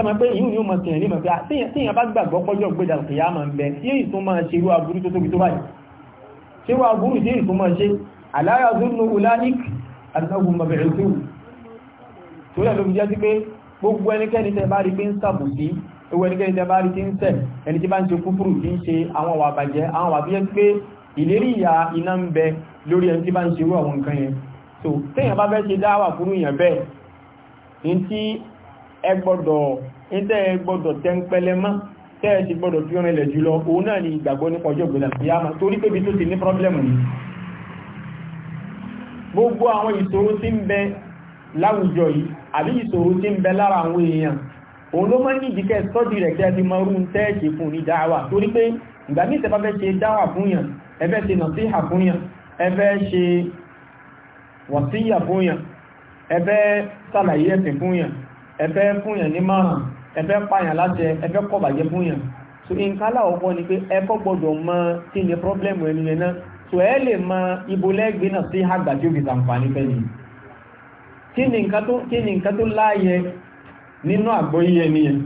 sẹ́mọ̀ pé yíò yíò mọ̀ sí ẹ̀rí mọ̀ pé ah, tíyàn bá gbàgbọ́ pọ́jọ́ gbéjà kìyà mọ̀ ń bẹ tí èyí tún máa ṣerú aburú tó tóbi tó báyìí ṣerú aburú tí èyí tún máa ṣe aláyà zúnnú ulanic adágún mọ̀bẹ̀rẹ̀ tó tó yà ló fi jẹ́ sí pé gbogbo ẹnikẹ́ni tẹ́ bá rí pé ń sàbù sí ewu ẹnikẹ́ni tẹ́ bá rí tí ń so téèyàn bá fẹ́ ṣe dáwà fúrú yẹn bẹ́ẹ̀ ní tí ẹ gbọ́dọ̀ ìtẹ́ ẹ gbọ́dọ̀ tẹ́ ń pẹlẹ mọ́ tẹ́ ẹ ti gbọ́dọ̀ fi rìnlẹ̀ jùlọ òun náà ni ìgbàgbọ́ nípa ọjọ́ ìgbèlà ìyáma torí pé bí tó ti ní pọ́blẹ́mù ni gbogbo àwọn ìṣòro tí ń bẹ láwùjọ yìí àbí ìṣòro tí ń bẹ lára àwọn èèyàn òun ló máa ń nídìí kẹ́ sọ́dì rẹ̀ kẹ́ ti máa rú tẹ́ẹ̀kì fún ní dáwà torí pé ìgbà ní ìtẹ́fà fẹ́ ṣe dáwà fún yàn ẹ fẹ́ ṣe nàṣíhà fún yàn ẹ fẹ́ ṣe wàsíyà fún yàn ẹ fẹ́ ṣàlàyé ẹ̀sìn fún yàn ẹ̀fẹ́ fúnyàn ní márùn ẹ̀fẹ́ pààyàn láti ẹ̀fẹ́ kọ̀bàjẹ́ fúnyàn so nǹkan aláwọ̀kọ́ ni pé ẹ̀kọ́ gbọ́dọ̀ mọ kí ni pọ́blẹ́mù ẹni yẹn náà so ẹ lè mọ ibo lẹ́gbẹ́ náà sí àgbà tí ó fi sàǹfààní fẹ́ yìí kí ni nǹkan tó láàyè nínú àgbọ́yé ẹni yẹn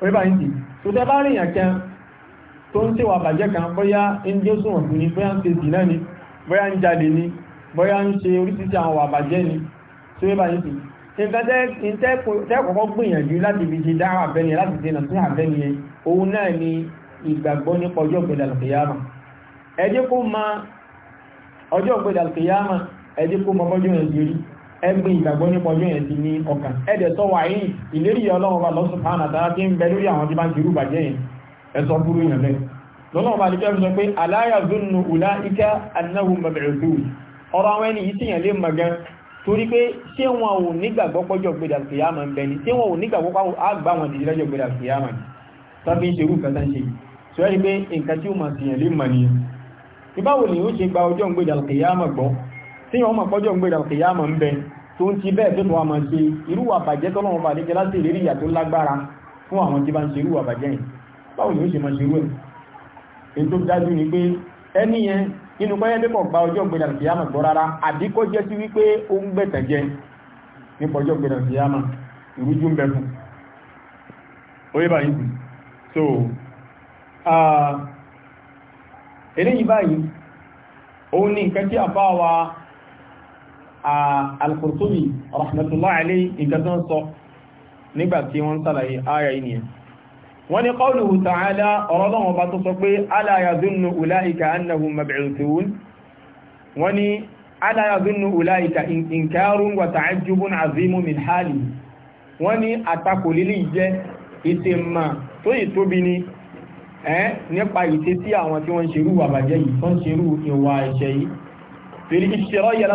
wọ́n bá ń dì so tẹ́ bá rí yàn kan tó ń ṣèwà bàjẹ́ kan bóyá ń dé sùn ọ̀sùn ni bóyá ń ṣe sì náà ni bóyá ń jáde ni bóyá ń ṣe oríṣiríṣi àwọn àbàjẹ́ ni so wọ́n bá ń dì nǹkan tẹ́kọ̀ọ́kọ́ gbìyànjú láti fi ṣe dáhà abẹ́ni láti ṣe nà sí abẹ́ni òun náà ni ìgbàgbọ́ nípa ọjọ́ ìgbẹ̀dà alkiyama ẹ jẹ́ kó ma ọjọ́ ìgbẹ̀dà alkiyama ẹ jẹ́ kó ma bọ́jọ́ yẹn ti rí ẹgbẹ́ ìgbàgbọ́ nípa ọjọ́ yẹn ti ní ọkàn ẹ̀dẹ̀ tó wà yìí ìlérí ọlọ́run bá lọ́sùn fáwọn àtàrà torí pé ṣé wọn ò nígbàgbọ́ pọ́jọ́ gbéra kìyàmà ń bẹ ni ṣé wọn ò nígbàgbọ́ pọ́jọ́ àgbà wọn dìde lọ́jọ́ gbéra kìyàmà ni tàbí ń ṣerú nǹkan tán ṣe sọ ẹ́ pé nǹkan tí ó máa sìyàn lè mà nìyẹn ìbáwo ni ó ṣe gba ọjọ́ gbéra kìyàmà gbọ́ tí wọn mọ̀ pọ́jọ́ gbéra kìyàmà ń bẹ tó ń ti bẹ́ẹ̀ tó tún wà máa ṣe irú àbàjẹ́ tọ́lọ́wọ́n tó lágbára ni ó ṣe máa ṣe irú ẹ̀ inú kọ́ yẹ́ pẹ́kọ̀ gba ọjọ́ gbẹ̀dà ìyámà gbọ́ rárá àbí kó jẹ́ sí wípé ó ń gbẹ̀tẹ̀ jẹ nípa ọjọ́ gbẹ̀dà ìyámà ìrújú ń bẹ fún oyé báyìí so eléyìí báyìí òun ní nǹkan tí a bá wa al-Qurtubi rahmatullahi alayhi nǹkan tó ń sọ nígbà tí wọ́n sàlàyé áyà yìí wọ́n ní qawluhu ta'ala ọ̀rọ̀lọ́wọ́ bá tó sọ pé ala yazunnu ulaika annahum mab'uthun wọ́n ní ala yazunnu ulaika inkarun wa ta'ajjubun azimun min hali wọ́n ní àtakò lílì jẹ́ ìtẹ̀mà tó ìtóbi ni ẹ́ nípa ìtẹ́ tí àwọn tí wọ́n ṣerú àbàjẹ́ yìí yìí fèrè ìṣẹ́rọ́ yẹ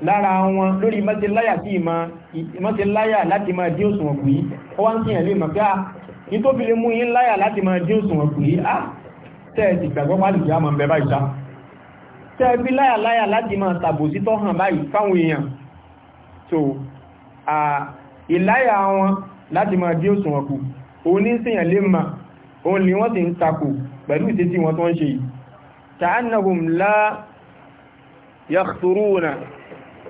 lára wọn lórí mọ́tíláyà láti máa dí òsùnwọ̀n kù yí ó wá ń sí ẹ̀lẹ́ mọ̀ pé à ah, ní tó fi lè mú yín láyà láti máa dí òsùnwọ̀n kù yí á ah, tẹ́ẹ̀sì gbàgbọ́ pàdùkì àmọ́ bẹ báyìí sá tẹ́ẹ̀bí láyà láyà láti máa tàbòsí tó hàn ta'annahum la yakhturuna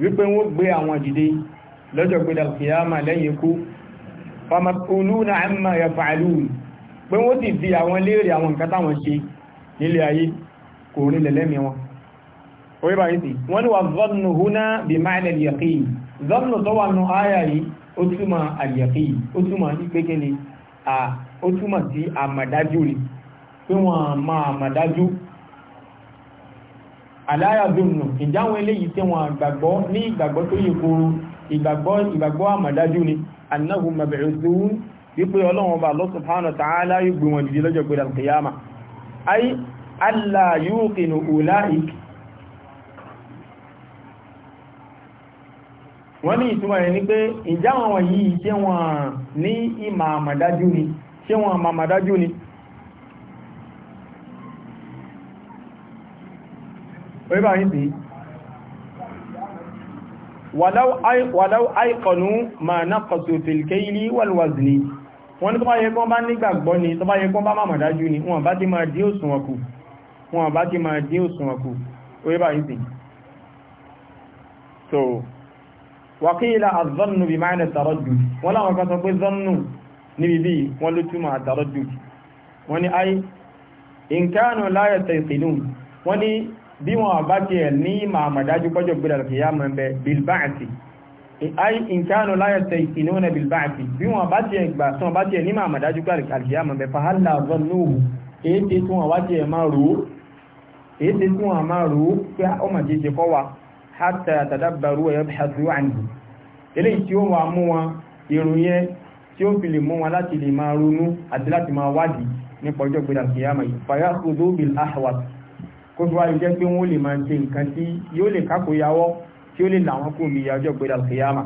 wípé wọ́n gbé àwọn dìde lọ́jọ́ pé dàkìyàmà lẹ́yìn ikú famatuluna amma yaf'alun pé wọ́n ti fi àwọn léèrè àwọn nǹkan táwọn ṣe nílé ayé kò rí lẹ́lẹ́mí wọn orí báyìí sí wọ́n ni wà zọ́nù húnná bí ma'na al-yaqin aláyàdùnù ìjáwọn eléyìí tí wọ́n gbàgbọ́ ní ìgbàgbọ́ tó yẹ kóró ìgbàgbọ́ ìgbàgbọ́ àmàdájú ni annahu mab'uthun wípé ọlọ́run bá Allah subhanahu wa ta'ala yóò gbé wọn dìde lọ́jọ́ gbéra ni pé ìjáwọn wọ̀nyí oríbà yìí sí wàláwọ́ àìkọ̀nú ma naqasu fil kayli wal wazni wọ́n ní tó bá yẹ kán bá nígbàgbọ́ ni tó bá yẹ kán bá máa dájú ni wọ́n bá ti máa dí òsùn ọkù wọ́n bá ai in kánù láyẹ̀ tẹ̀sìlú wọ́n ní bí wọn bá tiẹ̀ ní ìmọ̀ àmàdájú kọjọ́ gbéra kìyà mọ̀ bẹ bilbaati ai inkanu láyẹ̀tẹ̀ ìsinúnà bilbaati bí wọn bá tiẹ̀ gbà tán bá tiẹ̀ nímọ̀ àmàdájú gbéra kìyà mọ̀ bẹ fahalla zannuhu èyí tí wọn bá tiẹ̀ máa rò èyí tí wọn máa rò pé ah, ó mà jíjẹ kọ́ wa hatta tadabbaru wa yabhasu anhu eléyìí tí ó wà mú wọn ìròyìn máa ronú kó tó wáyé jẹ́ pé wọ́n lè máa ṣe nǹkan tí yóò lè kákò yàwọ́ tí ó lè làwọn kò mi yàjọ́ pé dàlùkìyàmà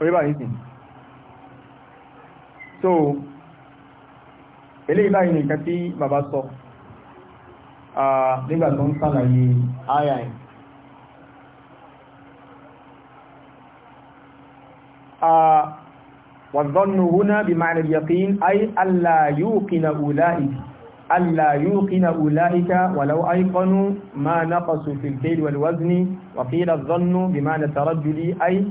oríbà ní sìn so eléyìí báyìí nìkan tí bàbá sọ nígbà tó ń sàlàyé àyà ẹ̀ وَالظَّنُّ هُنَا بِمَعْنَى الْيَقِينِ أي أَلَّا يُوقِنَ أُولَٰئِكَ ألا يوقن أولئك ولو أيقنوا ما نقصوا في الكيل والوزن وقيل الظن بمعنى الترجل أي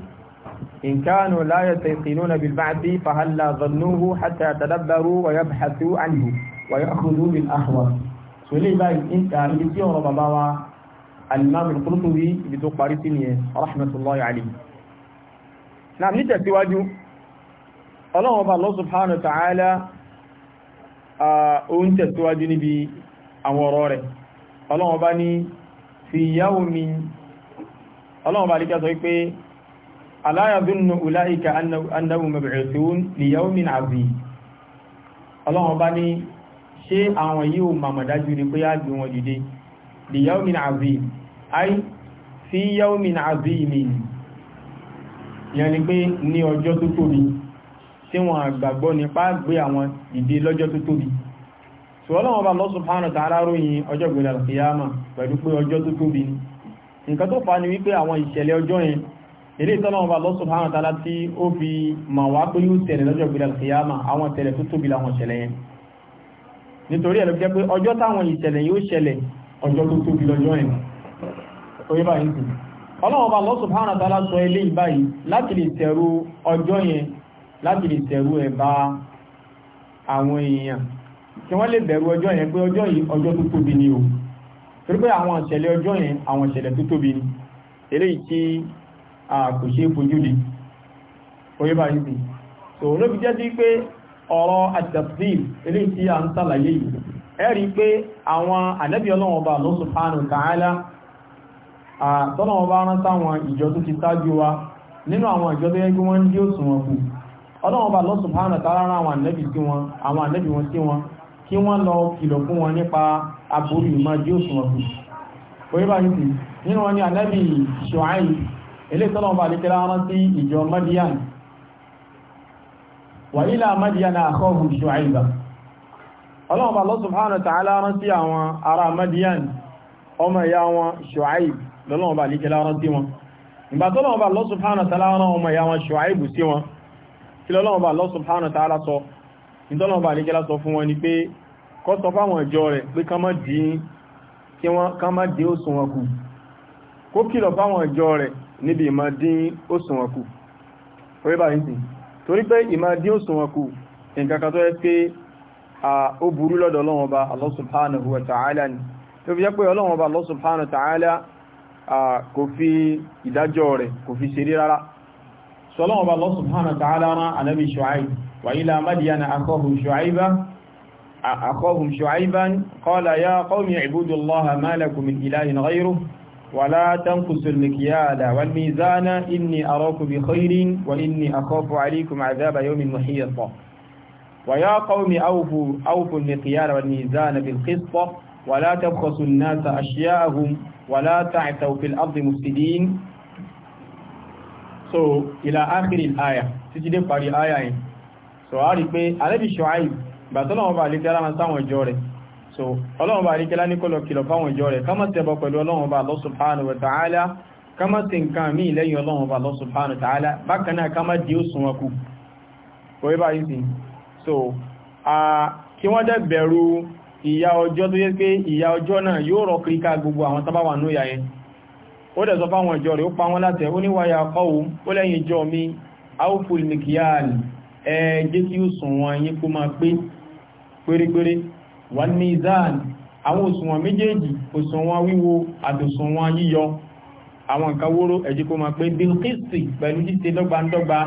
إن كانوا لا يستيقنون بالبعث فهلا ظنوه حتى يتدبروا ويبحثوا عنه ويأخذوا بالأحوص سولي باي انت عملتي وربما الإمام القرطبي بتقارتني رحمة الله عليه نعم نتسواجه الله سبحانه وتعالى òun tẹ̀síwájú níbi àwọn ọ̀rọ̀ rẹ̀ ọlọ́wọ́n bá ní fi yawmi ọlọ́wọ́n bá lè kẹ́ sọ pé ala yadhunnu ulaika annahum mab'uthun li yawmin 'azim ọlọ́wọ́n bá ní ṣé àwọn yíò ní ọjọ́ tó tóbi tí wọ́n gbàgbọ́ nípa gbé àwọn ìdí lọ́jọ́ tó tóbi ṣùgbọ́n ọba Allah subhanahu wa ta'ala ròyìn ọjọ́ gbèrè alkiyama pẹ̀lú pé ọjọ́ tó tóbi ni nǹkan tó fà ní wípé àwọn ìṣẹ̀lẹ̀ ọjọ́ yẹn ilé ìtọ́nà ọba Allah subhanahu wa ta'ala tí ó fi mà wá pé yóò tẹ̀lé lọ́jọ́ gbèrè alkiyama àwọn tẹ̀lé tó tóbi làwọn ìṣẹ̀lẹ̀ yẹn nítorí ẹ̀lú jẹ́ ọlọ́wọ́ ọba Allah subhanahu wa sọ eléyìí báyìí láti lè tẹ̀rù ọjọ́ yẹn láti lè tẹ̀rù ẹ̀ bá àwọn èèyàn kí wọ́n lè bẹ̀rù ọjọ́ yẹn pé ọjọ́ yìí ọjọ́ tó tóbi ni o torí pé àwọn ìṣẹ̀lẹ̀ ọjọ́ yẹn àwọn ìṣẹ̀lẹ̀ tó tóbi ni eléyìí tí a kò ṣe é fojú di oyé bá yìí so ló fi jẹ́ sí pé ọ̀rọ̀ àtẹ̀síl eléyìí tí a ń sàlàyé yìí ẹ̀rí pé àwọn ànábì ọlọ́wọ́n bá lọ́sù pánù káàlá àtọ́lọ́wọ́n bá rán sáwọn ìjọ tó ti sáájú wa nínú àwọn ìjọ tó yẹ kí wọ́n ń dí òsùnwọ̀n kù ọlọ́run bá lọ́sùn fún àwọn tààrà àwọn ànẹ́bì sí wọn àwọn ànẹ́bì wọn sí wọn kí wọ́n lọ kìlọ̀ fún wọn nípa aburú ìmọ̀ jí ó sùn ọ̀sùn orí bá yìí nínú wọn ni ànẹ́bì ṣọ́áì ilé tọ́lọ́run bá lè kẹ́lá wọn sí ìjọ madian wà ilá madian àkọ́hù ṣọ́áì bá ọlọ́run bá kí lọ́lọ́wọ́ bá Allah ta'ala sọ ìtọ́lọ́wọ́ bá nígbẹ́lá sọ fún wọn ni pé kọ́ sọ fáwọn ìjọ rẹ̀ pé ká má dín òṣùwọ̀n kù kó kìlọ̀ fáwọn ìjọ rẹ̀ níbi ìmá dín òṣùwọ̀n kù orí bá ní sí torí ta'ala ni tó fi jẹ́ pé ta'ala kò fi ìdájọ́ rẹ̀ rárá sọlọ́wọ́n الله سبحانه وتعالى على نبي شعيب وإلى مدين أخوهم شعيبا أخوهم أخاهم شعيبا قال يا قوم اعبدوا الله ما لكم من إله غيره ولا تنقصوا المكيال والميزان إني أراكم بخير وإني أخاف عليكم عذاب يوم محيط ويا قوم أوفوا, أوفوا المكيال والميزان بالقسط ولا تبخسوا الناس أشياءهم ولا تعثوا في الأرض مفسدين so ìlà ákìrì àyà títí dé parí àyà yìí so a rí pé alẹ́bí ṣọ́áyì bàtọ́lọ́wọ́ bá lè tẹ́lá máa sáwọn ìjọ rẹ̀ so ọlọ́wọ́ bá lè tẹ́lá ní kọlọ̀ kìlọ̀ fáwọn ìjọ rẹ̀ kámọ́ tẹ́bọ̀ pẹ̀lú ọlọ́wọ́ bá Allah subhanahu wa ta'ala kámọ́ sí nǹkan mí lẹ́yìn ọlọ́wọ́ bá Allah subhanahu wa ta'ala bákan náà kámọ́ di ó sun ọkù kò so a kí wọ́n dẹ̀ bẹ̀rù ìyà ọjọ́ tó yẹ pé ìyà ọjọ́ náà yóò rọ kíríká gbogbo àwọn tábà wà nú ó dẹ̀ sọ fáwọn ìjọ rẹ̀ ó pa wọ́n láti ó níwáyà kọ́wù ó lẹ́yìn ìjọ mi áwùfùl nìkìyàlì ẹ jẹ́ kí òṣùwọ̀n yín kó máa pé pérépéré wà ní ìzáàn àwọn òṣùwọ̀n méjèèjì òṣùwọ̀n wíwo àtòṣùwọ̀n yíyọ àwọn nǹkan wóró kó máa pé pẹ̀lú dọ́gbandọ́gba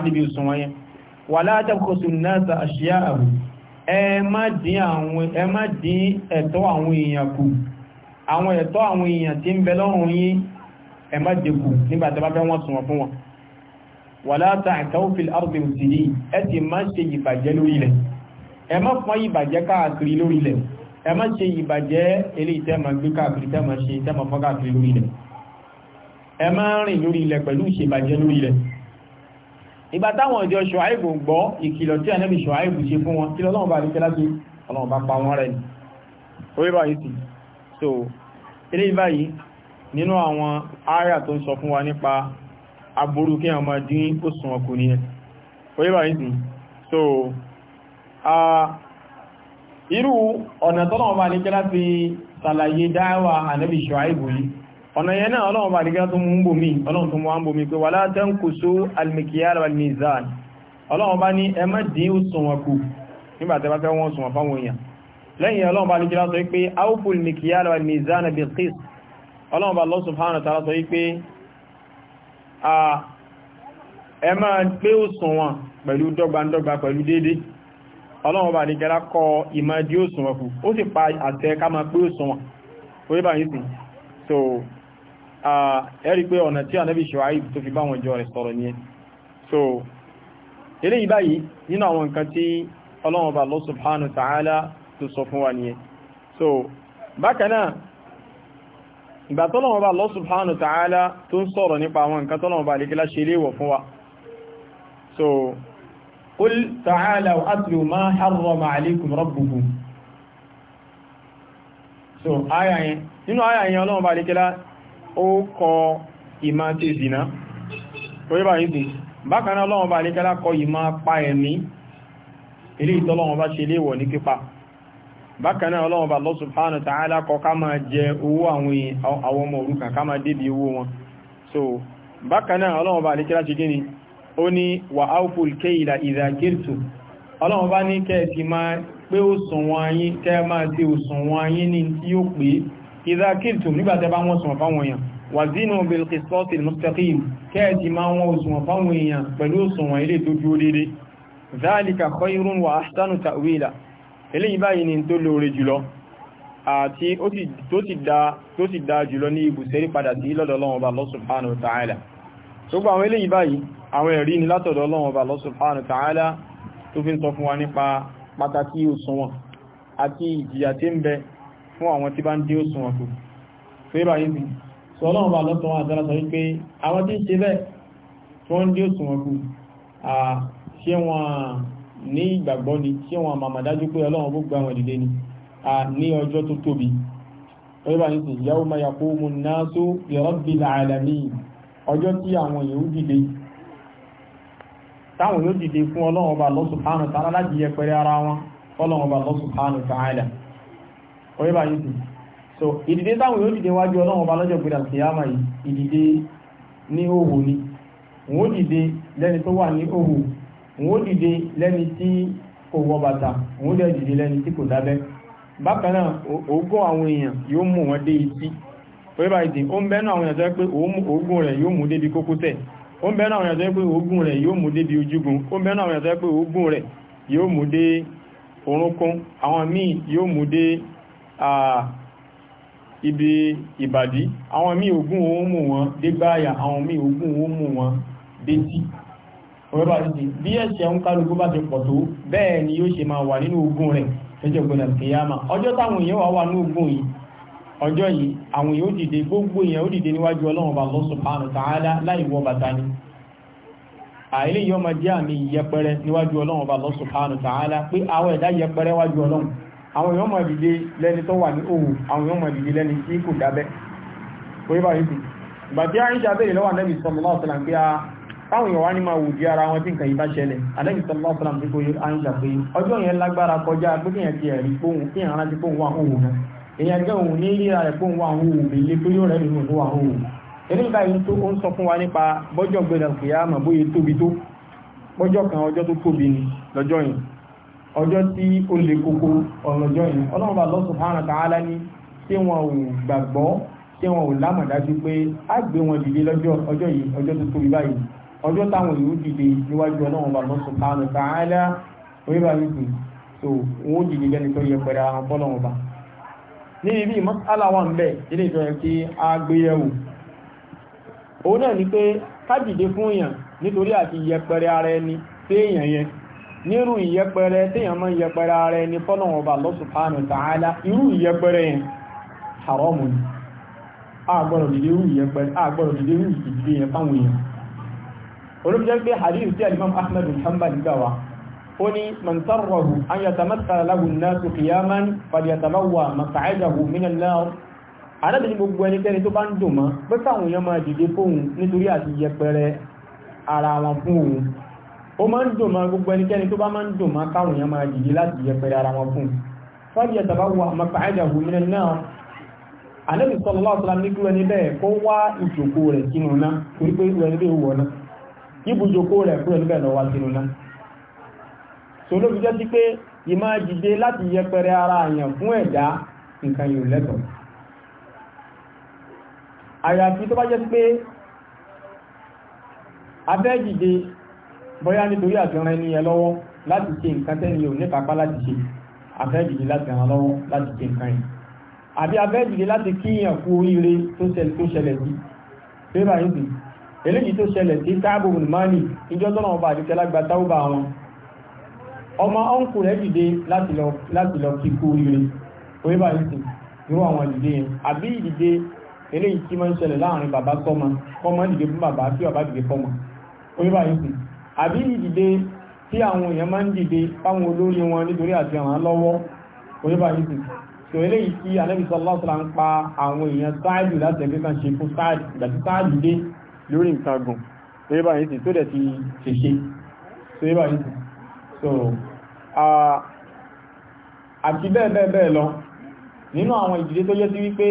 níbi yẹn ẹ má jẹ́kù nígbà tẹ́ bá fẹ́ wọ́n sùn wọn fún wọn wàlá ta'thaw fil ardi mùsùlùmí ẹ ti má ṣe ìbàjẹ́ lórí ilẹ̀ ẹ má fọ́n ìbàjẹ́ káàkiri lórí ilẹ̀ ẹ má ṣe ìbàjẹ́ eléyìí tẹ́ máa gbé káàkiri tẹ́ máa ṣe tẹ́ máa fọ́n káàkiri lórí ilẹ̀ ẹ má rìn lórí ilẹ̀ pẹ̀lú ìṣèbàjẹ́ lórí ilẹ̀ ìgbà táwọn ìjọ ṣọ̀áìbù gbọ́ ìkìlọ̀ tí ànábì ṣọ̀áìbù ṣe fún wọn kí lọ́lọ́run bá rí kẹ́lá sí ọlọ́run bá pa wọn rẹ̀ ní orí báyìí sí so eléyìí báyìí nínú àwọn áyà tó ń sọ fún wa nípa aburú kí àwọn máa dín òsùn ọkùnrin ẹ̀ orílẹ̀ ìsìn so irú ọ̀nà tọ́nà ọba àdíkẹ́ láti sàlàyé dáwà ànábì Ṣuaibu yìí ọ̀nà yẹn náà ọlọ́run bá dìgbà tó mú ń bòmí ọlọ́run tó mú wá ń bòmí pé wala tankusu al-mikyal wal-mizan ọlọ́run bá ní ẹ má dín òṣùwọ̀n kù nígbà tẹ́ bá fẹ́ wọ́n òṣùwọ̀n fáwọn èèyàn lẹ́yìn ọlọ́run bá Allah subhanahu wa ta'ala sọ wípé ẹ máa gbé òṣùwọ̀n pẹ̀lú dọ́gbandọ́gba pẹ̀lú déédé ọlọ́run bá nìkẹ́lá kọ ìmọ̀ dí òṣùwọ̀n kù ó sì pa àtẹ ká máa pé òṣùwọ̀n orí bá yìí sí so ẹ̀rí pé ọ̀nà tí ànábì Ṣuaib tó fi bá wọn jọ rẹ̀ sọ̀rọ̀ nìyẹn so eléyìí báyìí nínú àwọn nǹkan tí ọlọ́run bá Allah subhanahu wa tó sọ fún wa nìyẹn so bákan náà ìgbà tọ́lọ̀wọ́ bá Allah subhanahu wa ta'ala tó ń sọ̀rọ̀ nípa àwọn nǹkan tọ́lọ̀wọ́ bá lékílá ṣe léwọ̀ fún wa so qul ta'ala wa atlu ma harrama alaykum so ayayin nínú ayayin ọlọ́wọ́ bá lékílá ó kọ ìmá tí ìsìná orí bá yìí bákanáà ọlọ́wọ́ bá lékílá kọ ìmá pa ẹ̀mí ilé ìtọ́lọ́wọ́ bá ṣe léwọ̀ ní pípa bákan náà ọlọ́run bá Allah subhanahu wa ta'ala kọ ká máa jẹ owó àwọn ọmọ òrukàn ká máa débi owó wọn so bákan náà ọlọ́run bá alékẹ́lá ṣe gíní ó ní wà áwùfúl kéìlà ìdàkírtù ọlọ́run bá ní kẹ́ẹ̀kì máa pé ó sùn wọn ayé kẹ́ẹ̀ máa tí ó sùn wọn ayé ní tí ó pé ìdàkírtù nígbàtẹ́ bá wọ́n sùn fáwọn èèyàn wà zínú bilqisotil eléyìí báyìí ni tó lóore jùlọ àti tó sì dá jùlọ ní ibùsẹ̀rí padà sí lọ́dọ̀ Ọlọ́run Ọba Allah subhanahu ta'ala gbogbo àwọn eléyìí báyìí àwọn ẹ̀rí ni látọ̀dọ̀ Ọlọ́run Ọba Allah subhanahu ta'ala tó fi ń sọ fún wa nípa pàtàkì òṣùwọ̀n àti ìjìyà tí ń bẹ fún àwọn tí bá ń dí òṣùwọ̀n kù fẹ́bà yìí sọ Ọlọ́run Ọba ní ìgbàgbọ́ ni tí wọn àmàmà dájú pé ọlọ́run bó gba wọn ni a ní ọjọ́ tó tóbi ọjọ́ bá ní sè yawma yaqumu nnasu li rabbil alamin ọjọ́ tí àwọn yòó dìde táwọn yóò dìde fún ọlọ́run ọba Allah subhanahu wa ta'ala láti yẹpẹrẹ ara wọn bá ní sè so ìdìde táwọn yóò dìde wájú ọlọ́run ọba lọ́jọ́ gbéra kìyàmà ni wọ́n dìde lẹ́ni tó wà ní wọ́n dìde lẹ́ni tí kò wọ bàtà wọ́n dẹ̀ dìde lẹ́ni tí kò dábẹ́ bákan náà òógùn àwọn èèyàn yóò mú wọn dé etí orí báyìí tí ó ń bẹ́nu àwọn èèyàn tó yẹ pé òógùn rẹ̀ yóò mú débi kókósẹ̀ ó ń bẹ́nu àwọn èèyàn pé òógùn rẹ̀ yóò mú débi ojúgun ó ń bẹ́nu àwọn èèyàn pé òógùn rẹ̀ yóò mú dé orúnkún àwọn míì yóò mú dé ibi ìbàdí àwọn míì òógùn ó mú wọn dé gbáyà àwọn míì òógùn ó mú wọn dé tí ọ̀rọ̀ àti bí ẹ̀ṣẹ̀ ń kálukú bá ti pọ̀ tó bẹ́ẹ̀ ni yóò ṣe máa wà nínú ogun rẹ̀ lọ́jọ́ gbọ́nà kìyàmà ọjọ́ táwọn èèyàn wà wà ní ogun yìí Ọjọ yìí àwọn èèyàn gbogbo èèyàn ó dìde níwájú ọlọ́run bá ta'ala láì wọ bàtà ni àìlè yóò máa àmì yẹpẹrẹ níwájú Ọlọrun bá Allah pé àwọn yẹpẹrẹ wájú Ọlọrun. àwọn èèyàn lẹni tó wà ní òwò àwọn táwọn èèyàn wá ní máa wùdí ara wọn tí nǹkan yìí bá ṣẹlẹ̀ àdẹ́bí sọ lọ́wọ́ fúnra mi kò yẹ àyíṣà pé ọjọ́ yẹn lágbára kọjá pé kéèyàn ti ẹ̀rí fóun kí èèyàn rántí fóun wà òun náà èèyàn jẹ́ òun ní ríra rẹ̀ fóun wà òun mi lé tó yóò rẹ̀ nínú wà òun eré báyìí tó ń sọ fún wa nípa bọ́jọ́ gbẹdẹ̀ kìyàmà bóyá tóbi tó bọ́jọ́ kan ọjọ́ tó tóbi ni lọ́jọ́ yẹn ọjọ́ tí ó le koko ọlọ́jọ́ yẹn ọlọ́run bá Allah subhanahu wa ta'ala ní tí wọn ò gbàgbọ́ tí wọn ò lámọ̀dájú pé á gbé wọn dìde lọ́jọ́ ọjọ́ yìí ọjọ́ tó tóbi báyìí ọjọ́ táwọn yóò dìde níwájú ọlọ́run bàbá subhanahu wa ta'ala oríba yìí so wọ́n dìde lẹ́ni tó yẹ pẹ̀lú àwọn fọ́lọ́run bá ní ibi mas'ala wà ń bẹ̀ ilé ìjọ yẹ kí a gbé yẹ̀wò òun náà ni pé ká dìde fún èèyàn nítorí àti yẹpẹrẹ ara ẹni sí èèyàn yẹn nírú ìyẹpẹrẹ téèyàn máa ń yẹpẹrẹ ara ẹni fọ́lọ́run bá Allah subhanahu wa irú ìyẹpẹrẹ yẹn haramu ni a gbọ́dọ̀ dìde irú ìyẹpẹrẹ a dìde irú ìdíje yẹn fáwọn èèyàn olùjẹ́ pé hadith tí alimam ahmed muhammad gbà wá ó ní mọ̀ntánrọ̀hù an yàtàmátàrà láhùn náà tó kìyàmán fàdíyàtàmáwà màkàájàhù mínà náà arábìnrin gbogbo ẹnikẹ́ni tó bá ń dùn mọ́ pé káwọn èèyàn máa dìde fóun nítorí àti yẹpẹrẹ ara wọn fún òun ó máa ń dùn mọ́ gbogbo ẹnikẹ́ni tó bá máa ń dùn mọ́ káwọn èèyàn máa dìde láti yẹpẹrẹ ara wọn fún fàdíyàtàmáwà màkàájàhù mínà náà anábì sallallahu alaihi wasallam ní kí wọ́n ní bẹ́ẹ̀ kó wá ìjòkó rẹ̀ sínú náà torí pé ìwẹ̀ ní bẹ́ẹ̀ wọ̀ náà ibùjòkó rẹ̀ kúrò níbẹ̀ lọ wá sínú náà so ló fi jẹ́ sí pé ìmá jìde láti yẹpẹrẹ ara àyàn fún ẹ̀dá nǹkan yóò lẹ́tọ̀ àyàfi tó bá jẹ́ pé abẹ́ jìde bóyá nítorí àtìrán ẹni yẹn lọ́wọ́ láti ṣe nǹkan tẹ́ni yóò nípapá láti ṣe abẹ́ jìde láti ràn lọ́wọ́ láti ṣe nǹkan yìí àbí abẹ́ jìde láti kíyàn kú oríire tó ṣẹlẹ̀ sí pé báyìí eléyìí tó ṣẹlẹ̀ sí káàbù mani ìjọ tọ́nà ọba àdìkẹ́ lágbà táwùbà wọn ọmọ ọ̀nkù rẹ̀ dìde láti lọ kí kú rire orí bá yìí sì irú àwọn ìdìde yẹn àbí ìdìde eléyìí tí máa ń ṣẹlẹ̀ láàrin bàbá sọ́mọ kọ́mọ dìde fún bàbá kí bàbá dìde fọ́mọ orí bá yìí sì àbí ìdìde tí àwọn èèyàn máa ń dìde fáwọn olórí wọn nítorí àti àwọn lọ́wọ́ orí bá yìí sì tò eléyìí tí alẹ́bìsọ́ lọ́sọ̀lá ń pa àwọn èèyàn sáàdì láti ẹgbẹ́ kan ṣe fún sáàdì lórí nǹkan gùn tó yẹ báyìí tó dẹ̀ ti ṣeṣe tó yẹ báyìí so àti bẹ́ẹ̀ bẹ́ẹ̀ bẹ́ẹ̀ lọ nínú àwọn ìdílé tó jẹ́ sí wípé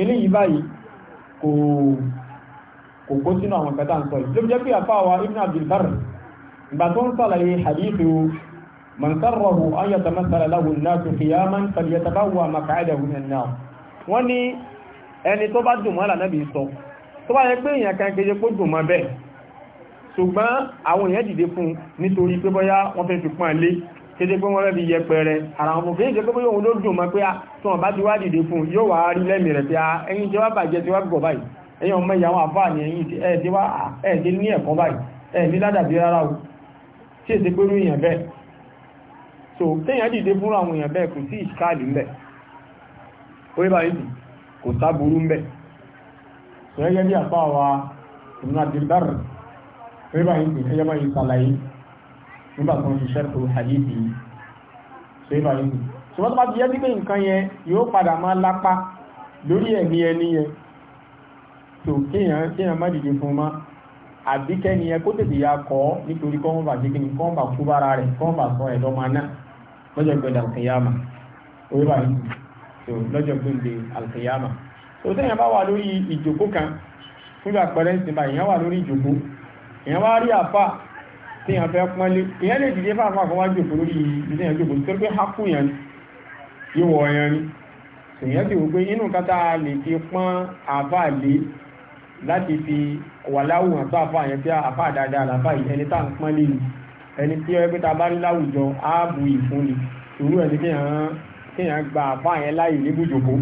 eléyìí báyìí kò kò kó sínú àwọn kẹta ń sọ yìí ló jẹ́ pé àfáwà ibn abdulbar ìgbà tó ń sàlàyé hadithu mansarrahu an yata masara lahun nasu qiyaman falyatabawa maq'adahu min an-nar wọ́n ní ẹni tó bá dùn mọ́lá náà bí sọ tó bá yẹ pé èèyàn kan keje kó dùn mọ́ bẹ́ẹ̀ ṣùgbọ́n àwọn èèyàn dìde fún nítorí pé bọ́yá wọ́n fẹ́ fi pọ́n lé kéde pé wọ́n rẹ̀ bí yẹpẹrẹ ara wọn fòfin ìṣẹ́ pé bóyá òun ló dùn mọ́ pé ah, tí wọ́n bá ah, ni ẹ̀yin ẹ̀ẹ́dẹ́ ah, ní ẹ̀kọ́ báyìí ẹ̀ẹ́dẹ́ ládàbí rárá o tí èsì pé rú èèyàn bẹ́ẹ̀ so téèyàn dìde fún àwọn èèyàn bẹ́ẹ̀ kò sí ìṣkáàdì gẹ́gẹ́ bí àpá wa ìmú àdìdár rírà yìí ẹjọ́ bá yìí sàlàyé nígbà tó ń ṣiṣẹ́ tó hadithi rírà yìí ṣùgbọ́n tó bá ti yẹ́ sí pé nǹkan yẹn yóò padà máa lápá lórí ẹ̀mí ẹni yẹn tó kéèyàn kéèyàn má dìde fún ma àbí kẹ́ni yẹn kó tètè ya kọ́ nítorí kọ́ńbà ṣe kí ni kọ́ńbà kú bára rẹ̀ kọ́ńbà sọ ẹ̀dọ́ máa ná lọ́jọ́ gbẹ̀dẹ̀ àlùkìyàmà orí báyìí lọ́jọ́ gbẹ̀dẹ̀ àlùkìyàmà tó tẹ́yàn bá wà lórí ìjòkó kan fúnbà pẹ̀rẹ́ ìsinmi èèyàn wà lórí ìjòkó èèyàn wá rí àfà téèyàn fẹ́ pọ́nlé èèyàn lè dìde fáfà kan wá jòkó lórí ìdíyàn jòkó tó pé hápù yẹn ni yíwọ ẹran ni èèyàn sì wò pé inú kátà lè fi pọ́n àfà lé láti fi wà láwùhàn tó àfà yẹn tí àfà dáadáa làfà yìí ẹni tá ni ẹni tí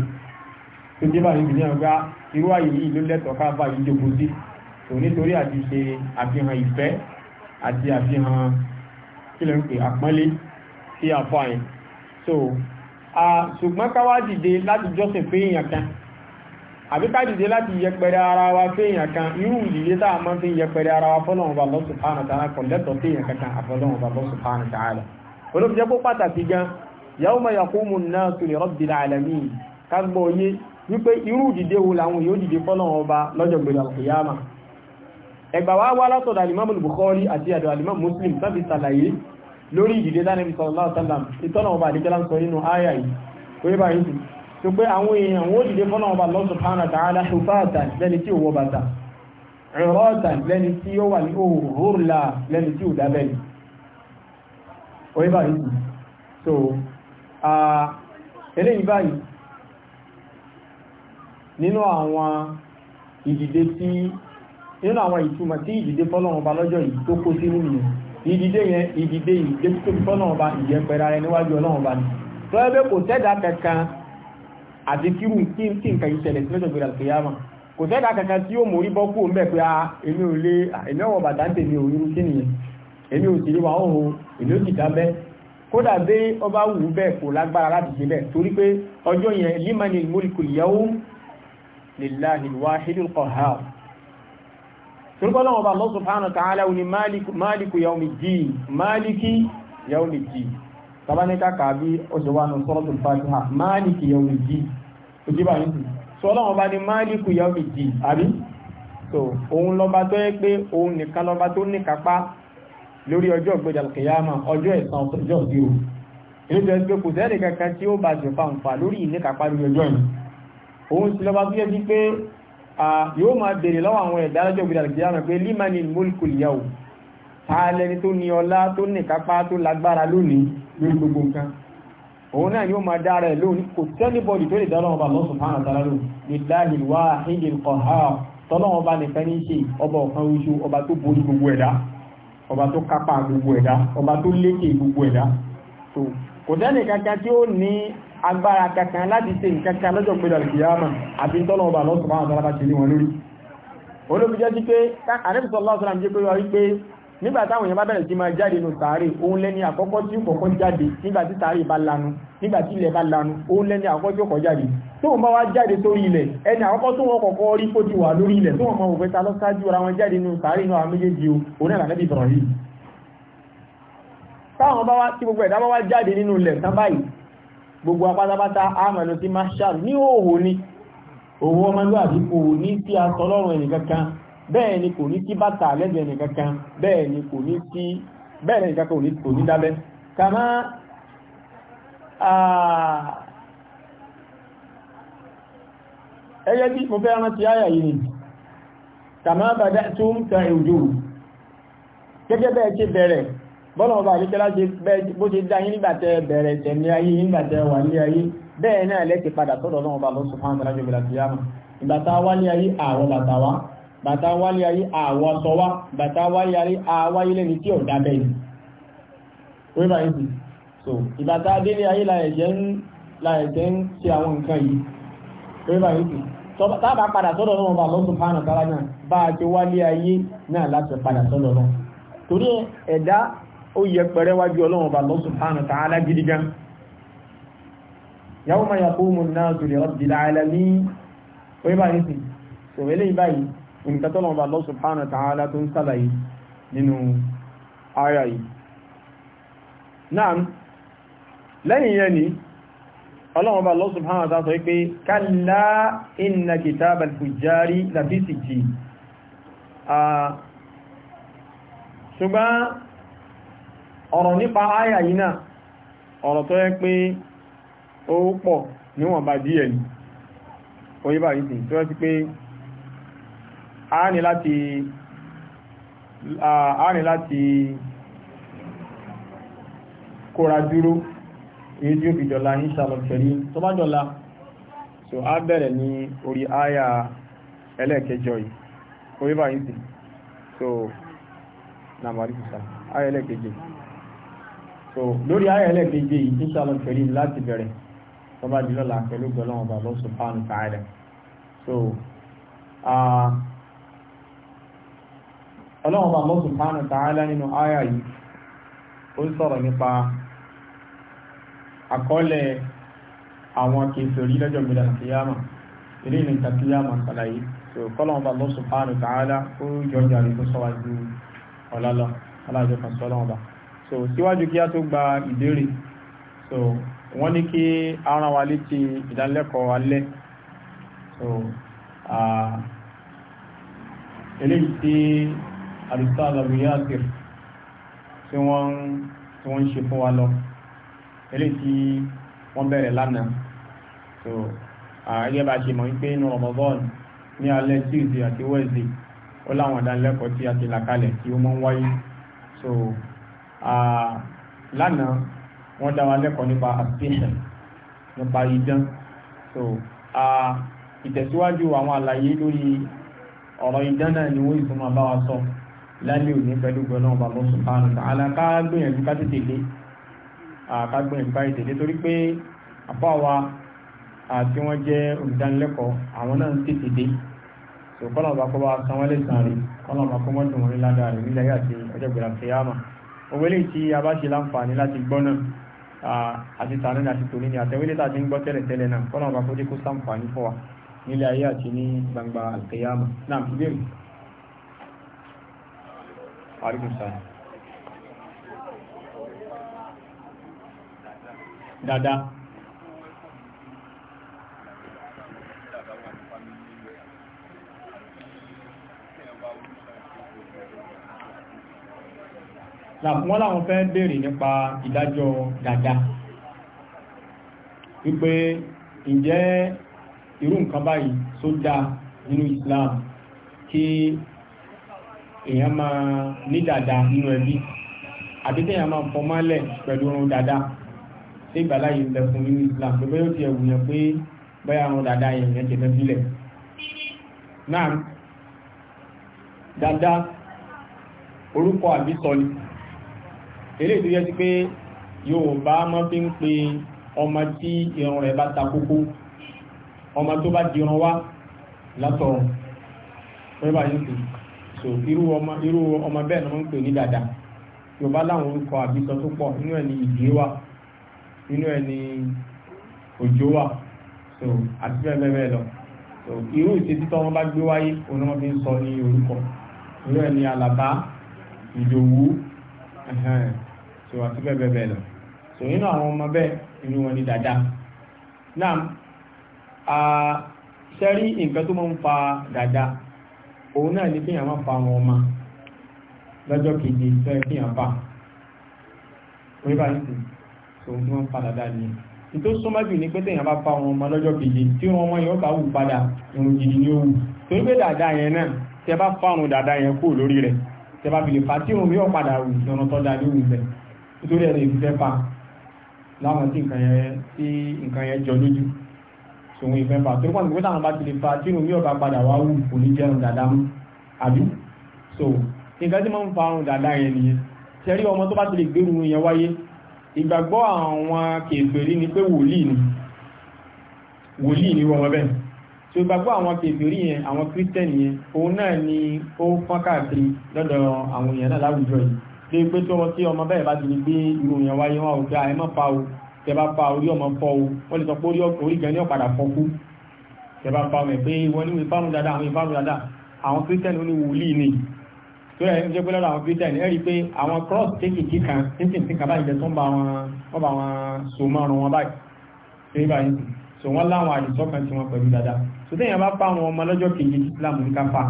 tó jẹ́ báyìí bí náà gbá irú àyè yìí ló lẹ́tọ̀ọ́ ká bá yìí jókòó sí tò nítorí àti ṣe àfihàn ìfẹ́ àti àfihàn kílẹ̀ ń pè àpọ́nlé sí àfọ́ àyìn so ṣùgbọ́n káwá dìde láti jọ́sìn pé èèyàn kan àbí ká dìde láti yẹpẹrẹ ara wa pé èèyàn kan irú ìdílé tá a máa fi yẹpẹrẹ ara wa fọ́lọ́run bá Allah subhanahu wa ta'ala kò lẹ́tọ̀ọ́ pé èèyàn kankan àfọ́lọ́run bá Allah subhanahu wa ta'ala olóòfin jẹ́ pó pàtàkì gan yawma yaqumu an-nasu li rabbil alamin ká gbọ́ yé wípé irú ìdìde wo làwọn yóò dìde fọ́lọ́run ọba lọ́jọ́ gbẹ̀rẹ̀ alkiyama ẹgbà wá wá látọ̀dọ̀ alimami Bukhari àti àdọ̀ alimami Muslim tàbí sàlàyé lórí ìdìde lánàá bí sallallahu alaihi wasallam ìtọ́nà ọba àdìkẹ́lá ń sọ nínú àyà yìí kò yẹ báyìí sí tó pé àwọn èèyàn wọ́n dìde fọ́lọ́run ọba Allah subhanahu wa ta'ala hufatan lẹ́ni tí ò wọ bàtà ìrọ́tàn lẹ́ni tí ó wà ní òhùrùlà lẹ́ni tí ò dábẹ́ni kò yẹ báyìí sí so eléyìí báyìí nínú àwọn ìdìde tí nínú àwọn ìtumọ̀ tí ìdìde fọ́lọ́run ba lọ́jọ́ yìí tó kó sí nínú ìdìde yẹn ìdìde ìdìde tó fi fọ́lọ́run ba pẹ̀lú ara níwájú ọlọ́run ni lọ́wọ́ kò tẹ́dà kankan àti kírù kí n nǹkan ìṣẹ̀lẹ̀ tí lọ́jọ́ gbèrà kìyàmà kò tẹ́dà kankan tí ó mórí bọ́ kúrò mẹ́ pé a ah, èmi ò lè ah, èmi ọ̀wọ̀ bàtà ń tèmi òru kí nìyẹn èmi ò sì lè wà òhun èmi ò sì dábẹ́ kódà dé ọba wù bẹ́ẹ̀ kò lágbára láti ṣe bẹ́ẹ̀ torí pé ọjọ́ yẹn límani mulkul yawm lillahi al-wahidil qahhar الله lọ́wọ́ bá Allah مالك wa ta'ala wuni maliku yawmiddin maliki yawmiddin tabanika kàbí ọjọ́wánu suratul fatiha maliki yawmiddin òjíbà yìí sọ́lọ́wọ́ bá ní maliku yawmiddin àbí so òun lọ́ba tó yẹ pé òun nìkan lọ́ba tó ní kápá lórí ọjọ́ ìgbéjà kìyàmà ọjọ́ ẹ̀san ọjọ́ ìdíro ilé jẹ́ pé kò sẹ́ẹ̀dì kankan tí ó bá jù fáǹfà lórí ìníkàpá lórí ọjọ́ yìí òun sì lọ́ba tó yẹ sí pé yóò máa bèèrè lọ́wọ́ àwọn ẹ̀dá lọ́jọ́ gbìdà gbìdà rẹ̀ pé limani mulkul yawm tààlẹ́ni tó ní ọlá tó ní kápá tó lágbára lónìí lórí gbogbo nǹkan òun náà yóò máa dára ẹ̀ lónìí kò tẹ́lẹ̀bọ̀dì tó lè dá lọ́wọ́ bá Allah subhanahu ọba ọ̀kan agbára kankan láti ṣe nǹkankan lọ́jọ́ pẹ̀lú alìkìyàmà àti tọ́lọ̀ ọba lọ́sùn máa tọ́lá bá ṣe ní wọn lórí olóbi jẹ́ sí pé àrẹ́bìsọ̀ lọ́sùn jẹ́ pé wọ́n rí pé nígbà táwọn èèyàn bá bẹ̀rẹ̀ sí máa jáde nù sàárè òun lẹ́ni àkọ́kọ́ tí ó kọ́kọ́ jáde nígbà tí sàárè bá lanu nígbà tí ilẹ̀ bá lanu òun lẹ́ni àkọ́kọ́ tí ó kọ́ jáde tó wọ́n bá wá jáde sórí ilẹ̀ ẹni àkọ́kọ́ tó wọ́n kọ́kọ́ rí kó ti wà lórí ilẹ̀ tó wọ́n wọn jáde gbogbo apátápátá àmàlò sí mashal ní òhò ni òhò ọmọlúwàbí kò ní sí asọlọ́rùn ẹnìkankan bẹ́ẹ̀ ni kò ní sí bàtà lẹ́gbẹ̀ẹ́ ẹnìkankan bẹ́ẹ̀ ni kò ní sí bẹ́ẹ̀ ẹnìkankan kò ní dábẹ́ kàmá ẹgẹ́ bí mo fẹ́ rántí àyà yìí ni kàmá bàdá tó ń ta ìrùjú gẹ́gẹ́ bẹ́ẹ̀ ṣe bẹ̀rẹ̀ bọ́lọ̀wọ́ bá àríkẹ́lá bó ti dá yín nígbàtẹ́ bẹ̀rẹ̀ tẹ̀lé ayé nígbàtẹ́ wà ní ayé bẹ́ẹ̀ náà lẹ́kì padà tọ́dọ̀ lọ́wọ́ bá lọ́sùn fún àwọn arájọ́ ìgbàtíyàmù ìgbàtà wálé ayé àwọ̀ bàtà wá bàtà wálé ayé àwọ̀ sọ wá bàtà wálé ayé àwọ̀ ilé ní tí ò dá bẹ́ẹ̀ wí bá so ìgbàtà délé ayé láyẹ̀jẹ́ ń ṣe àwọn nǹkan yìí wí bá yìí tábà padà tọ́dọ̀ lọ́wọ́ bá lọ́sùn ti wálé ayé náà láti padà tọ́dọ̀ lọ́wọ́ torí ẹ̀dá ó yẹ pẹ̀rẹ́ wájú ọlọ́run ọba Allah subhanahu wa ta'ala gidi gan yawma yaqumu an-nasu li rabbil alamin oye báyìí sí so eléyìí báyìí nǹkan tó lọ́wọ́ bá Allah subhanahu wa ta'ala tó ń sàlàyé nínú ara yìí náà lẹ́yìn yẹn ni ọlọ́wọ́ bá Allah subhanahu wa sọ pé kalla inna kitabal fujjari lafi sijjin ah, ṣùgbọ́n ọ̀rọ̀ nípa àyà yìí náà ọ̀rọ̀ tó yẹ pé ó pọ̀ níwọ̀nba díẹ̀ ni oyíbà yìí tó pe sí pé a ní láti kóra dúró èyí tí ó fi so a bẹ̀rẹ̀ ní orí àyà ẹlẹ́ẹ̀kẹjọ yìí oyíbà yìí so nàmàrí kìsà àyà ẹlẹ́ẹ̀kẹjọ so lórí ayẹ̀lẹ̀ kejì yìí inshallah karim láti bẹ̀rẹ̀ tó bá di lọ́la pẹ̀lú gbọ́lọ́wọ́n bá Allah subhanahu wa so ọlọ́wọ́n bá Allah subhanahu wa ta'ala nínú ayà yìí ó sọ̀rọ̀ nípa àkọọ́lẹ̀ àwọn kèfèrí lọ́jọ́ gbẹ̀dẹ̀ àkíyàmà ilé ìlú ìtàkíyàmà kàlàyé so kọ́lọ́wọ́n bá Allah subhanahu wa ta'ala ó yọjà rí tó sọ́wájú ọ̀lálọ́ alájọ́ kan sọ́lọ́wọ́n bá so síwájú kí a tó gba ìbéèrè so wọ́n ní kí ara wa létí ìdánilẹ́kọ̀ọ́ alẹ́ so eléyìí tí àdìsá àlàbìyà àti tí wọ́n tí wọ́n ń ṣe fún wa lọ eléyìí tí wọ́n bẹ̀rẹ̀ lánàá so ẹgbẹ́ bá ṣe mọ̀ wípé inú Ramadan ní alẹ́ Tuesday àti Wednesday ó láwọn ìdánilẹ́kọ̀ọ́ tí a ti là kalẹ̀ tí ó mọ́ ń wáyé so lánàá wọ́n dá wa lẹ́kọ̀ọ́ nípa aspiration nípa idán so ìtẹ̀síwájú àwọn àlàyé lórí ọ̀rọ̀ idán náà ni wọ́n ìtumọ̀ bá wa sọ lálẹ́ òní pẹ̀lú gbọ́nà ọba lọ́sùn kánú àlàká gbìyànjú ká tètè lé ká gbìyànjú ká tètè lé torí pé àpá wa àti wọ́n jẹ́ olùdánilẹ́kọ̀ọ́ àwọn náà ń tètè dé so kọ́nà ọba kọ́ bá sanwó-ẹlẹ́sàn rí kọ́nà ọba kọ́ mọ́tò wọn rí ládàá rí nílẹ̀ yàtí òwélé tí a bá ṣe láǹfààní láti gbọ́ náà àti tààrin àti tòní ni àtẹ̀wélé tàbí ń gbọ́ tẹ́lẹ̀tẹ́lẹ̀ náà kọ́nà ọba kó dé kó sáǹfààní fún wa nílé ayé àti ní gbangba alkeyama náà fi bèrè dáadáa wọ́n láwọn fẹ́ béèrè nípa ìdájọ́ dada wípé ǹjẹ́ irú nǹkan báyìí tó dáa nínú Islam kí èèyàn máa ní dàda nínú ẹbí àbí téèyàn máa fọmọ́lẹ̀ pẹ̀lú irun dàda tí ìgbàlá yìí ń nínú Islam pé bẹ́ẹ̀ ó ti ẹ̀wù yẹn pé bẹ́ẹ̀ irun dàda yẹn yẹn ti fẹ́ náà dàda orúkọ àbí sọ ni eré tó yẹ sí pé Yorùbá máa fi ń pe ọmọ tí irun rẹ̀ bá ta kókó ọmọ tó bá di wá látọ̀run pẹ̀lú àyè sí so irú ọmọ irú ọmọ bẹ́ẹ̀ ni wọ́n ń pè ní dàda Yorùbá láwọn orúkọ àbísọ tó pọ̀ nínú ẹ̀ ní ìdí wà nínú ẹ̀ ní òjò wà so àti bẹ́ẹ̀ bẹ́ẹ̀ bẹ́ẹ̀ lọ so irú ìṣesí tí wọ́n bá gbé wáyé òun ni wọ́n fi ń sọ ní orúkọ irú ẹ̀ ní Àlàbá Ìdòwú so àti bẹ́ẹ̀ bẹ́ẹ̀ lọ so nínú àwọn ọmọ bẹ́ẹ̀ inú wọn ni dada náà a sẹ́rí nǹkan tó ma ń fa dada òun náà ni kéèyàn máa fa àwọn ọmọ lọ́jọ́ kejì sẹ́rí kéèyàn fà wọ́n bá ń so ń dada ni tó ní pé téèyàn fa ọmọ lọ́jọ́ kejì tí wọ́n mọ́ yóò bá wù padà ìrùn ó wù torí dada yẹn náà bá dada yẹn lórí rẹ̀ tẹ́bà fi lè fa tí òun yóò padà wù sí ọ̀nà tó da ní òun bẹ̀ nítorí ẹ̀rọ ìfẹ́ fa láwọn tí nǹkan yẹn tí nǹkan yẹn jọ lójú tòun ìfẹ́ fa torí pọ̀ nígbà táwọn bá ti lè fa òun yóò bá padà wá wù kò ní jẹun dáadáa mú àbí so nǹkan tí máa ń fa àrùn dáadáa yẹn nìyẹn tẹ́rí ọmọ tó bá ti lè gbérù yẹn wáyé ìgbàgbọ́ àwọn kèfèrí ni pé wòlíì ni wòlíì ni wọ́n bẹ́ẹ̀ tí ó gbàgbọ́ àwọn kèfèrí yẹn àwọn kírísítẹ́nì yẹn òun náà ni ó fọ́n káàkiri lọ́dọ̀ àwọn èèyàn náà láwùjọ yìí tí ó pé tó wọ́n tí ọmọ bẹ́ẹ̀ bá ti gbé irú èèyàn wáyé wọn ò pé àyè má pa o tẹ bá pa orí ọmọ fọ o wọ́n lè sọ pé orí gan ní ọ̀padà fọ́ kú tẹ bá pa ọmọ pé wọ́n ní ìfárun dáadáa àwọn ìfárun dáadáa àwọn kírísítẹ́nì ó ní wòlíì ni tó yẹ jẹ́ pé lọ́dọ̀ àwọn kírísítẹ́nì ẹ̀rí pé àwọn cross kéékèèké kan nísinsìnyí kan báyìí jẹ́ tó ń bá wọn so márùn wọn báyìí so wọ́n láwọn àdìsọ́kan tí wọ́n pẹ̀lú dáadáa sọtẹ́yìn bá pa àwọn ọmọ lọ́jọ́ kejì islam ní kápá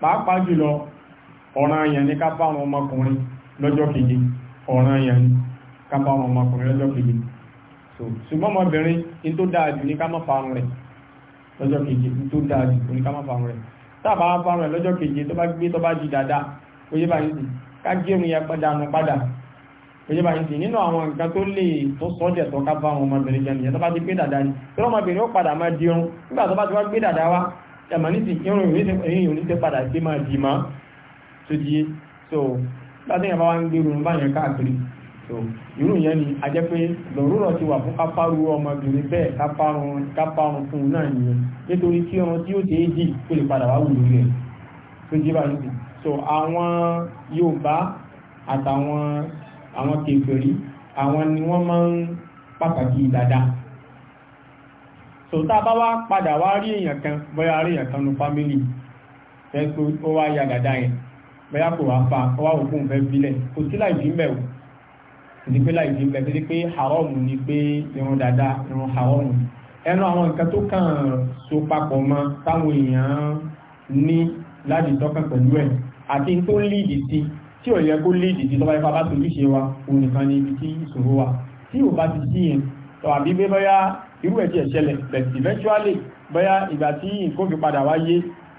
pàápàá jùlọ ọ̀ràn àyàn ní kápá àwọn ọmọkùnrin lọ́jọ́ kejì ọ̀ràn àyàn ní kápá àwọn ọmọkùnrin lọ́jọ́ kejì ṣùgbọ́n ọmọbìnrin ní tó dáa jù ní ká má parun rẹ̀ lọ́jọ́ kejì ní tó dáa jù ní ká má parun rẹ̀ táàbà parun rẹ̀ lọ́jọ́ kejì tó bá gbé tó bá di dáadáa ó yé ìjọba ìdí nínú àwọn nǹkan tó lè tó sọ́jẹ̀ tó ká bá àwọn ọmọbìnrin jẹ́ nìyẹn tó bá ti gbé dàda ni tó lọ́mọbìnrin ó padà máa di irun nígbà tó bá ti wá gbé dàda wá ẹ̀mọ̀ ní ti irun ìrìn òní ti padà gbé máa dì má tó di so láti yẹn bá wá ń gbé irun báyẹn káàkiri so irú yẹn ni a jẹ́ pé lòrúrọ̀ ti wà fún kápárù ọmọbìnrin bẹ́ẹ̀ kápárùn fún un náà nìyẹn nítorí kí irun tí ó ti é dì kó lè padà wá wù lórí ẹ̀ tó di báyìí so àwọn Yorùbá àtàwọn àwọn kèfèrí àwọn ni wọ́n máa ń pàtàkì dáadáa so tá bá wá padà wá rí èèyàn kan bóyá rí èèyàn kan nu fámílì fẹ́ pé ó wá ya dáadáa yẹn bóyá kò wá fa ó wá òkú nǹkan bílẹ̀ kò sí láì fi o ìdí pé láì fi ń bẹ̀ títí pé haramu ni pé irun dáadáa irun haramu ẹnu àwọn nǹkan tó kàn so papọ̀ mọ́ táwọn èèyàn ní láti tọ́kàn pẹ̀lú ẹ̀ àti tó ń líìdì sí i tí ò yẹ kó léèdì ní tọ́ba ifá bá tolúṣe wa òun nìkan ni ibi tí ìṣòro wa tí ò bá ti sí yẹn tọ́ àbí pé bóyá irú ẹ̀ tí ẹ̀ ṣẹlẹ̀ but eventually bóyá ìgbà tí nǹkan fi padà wáyé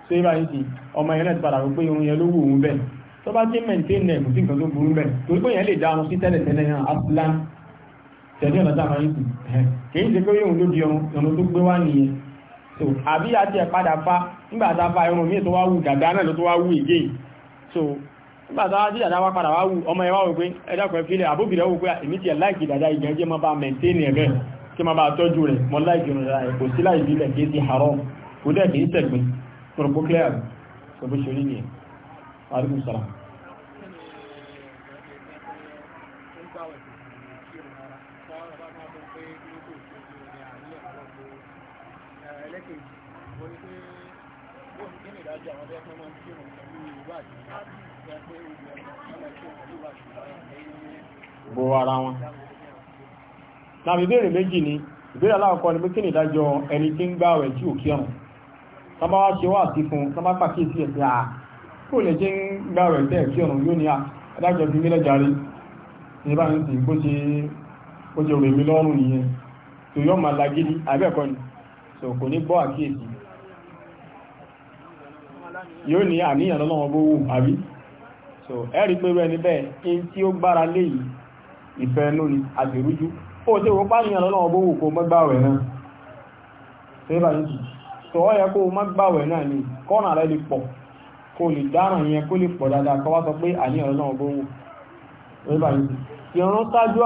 tó yẹ báyìí sí ọmọ yẹn náà ti padà rò pé irun yẹn ló wù òun bẹ́ẹ̀ tó bá ti maintain ẹ̀ kò sí nǹkan tó burú bẹ́ẹ̀ torí pé yẹn lè dá ọrùn sí tẹ́lẹ̀ tẹ́lẹ̀ so àbí àti ẹ̀ padà fa nígbà tá a fa irun míì tó wá náà so nígbàtà tí dàdá wá padà wá wù ọmọ ẹwà wípé ẹ̀dàkọ̀ ìfilẹ̀ àbúbìrẹ̀ wípé ah, èmi ti ẹ̀ láìkì dàdá ìgbẹ̀ jẹ́ máa bá mẹ́ntẹ́nì rẹ̀ kí máa bá tọ́jú rẹ̀ mọ́ láìkì rẹ̀ kò sí láìbí rẹ̀ kì ti dẹ̀ tẹ̀gbìn clear bo ara wọn láàbí ìbéèrè méjì ni ìbéèrè aláwọ̀kọ́ ni pé kí ni ìdájọ́ ẹni tí ń gbá rẹ̀ tí ò kí ọ̀run tọ́bá wá ṣe wá sí fún tọ́bá pàkíyèsí ẹ̀sẹ̀ àà kò lè jẹ́ ń gbá rẹ̀ tẹ́ kí ọ̀run yóò ní adájọ́ fi mílẹ̀ jarí ní bá ń sìn bó ṣe ó lọ́rùn nìyẹn tó yọ́ máa lagídí àbẹ́ẹ̀kọ́ ni so kò ní gbọ́ àkíyèsí yóò ní àníyàn lọ́wọ́ bó wù àbí so ẹ̀rí pé wẹ́ni bẹ́ẹ̀ in tí ó gbára léyìí ìfẹ́ ẹnú ni àgbèrújú ó ṣe wọ́n bá yìnyàn lọ́nà ọgbọ́n òkò mọ́gbàwẹ̀ náà tẹ́bà ní jù tó ọ́ kó mọ́gbàwẹ̀ náà ni kọ́nà rẹ̀ lè pọ̀ kó lè dáràn yẹn kó lè pọ̀ dáadáa kọ́ sọ pé àníyàn lọ́nà ọgbọ́n ó tẹ́bà ní jù ìrún ṣáájú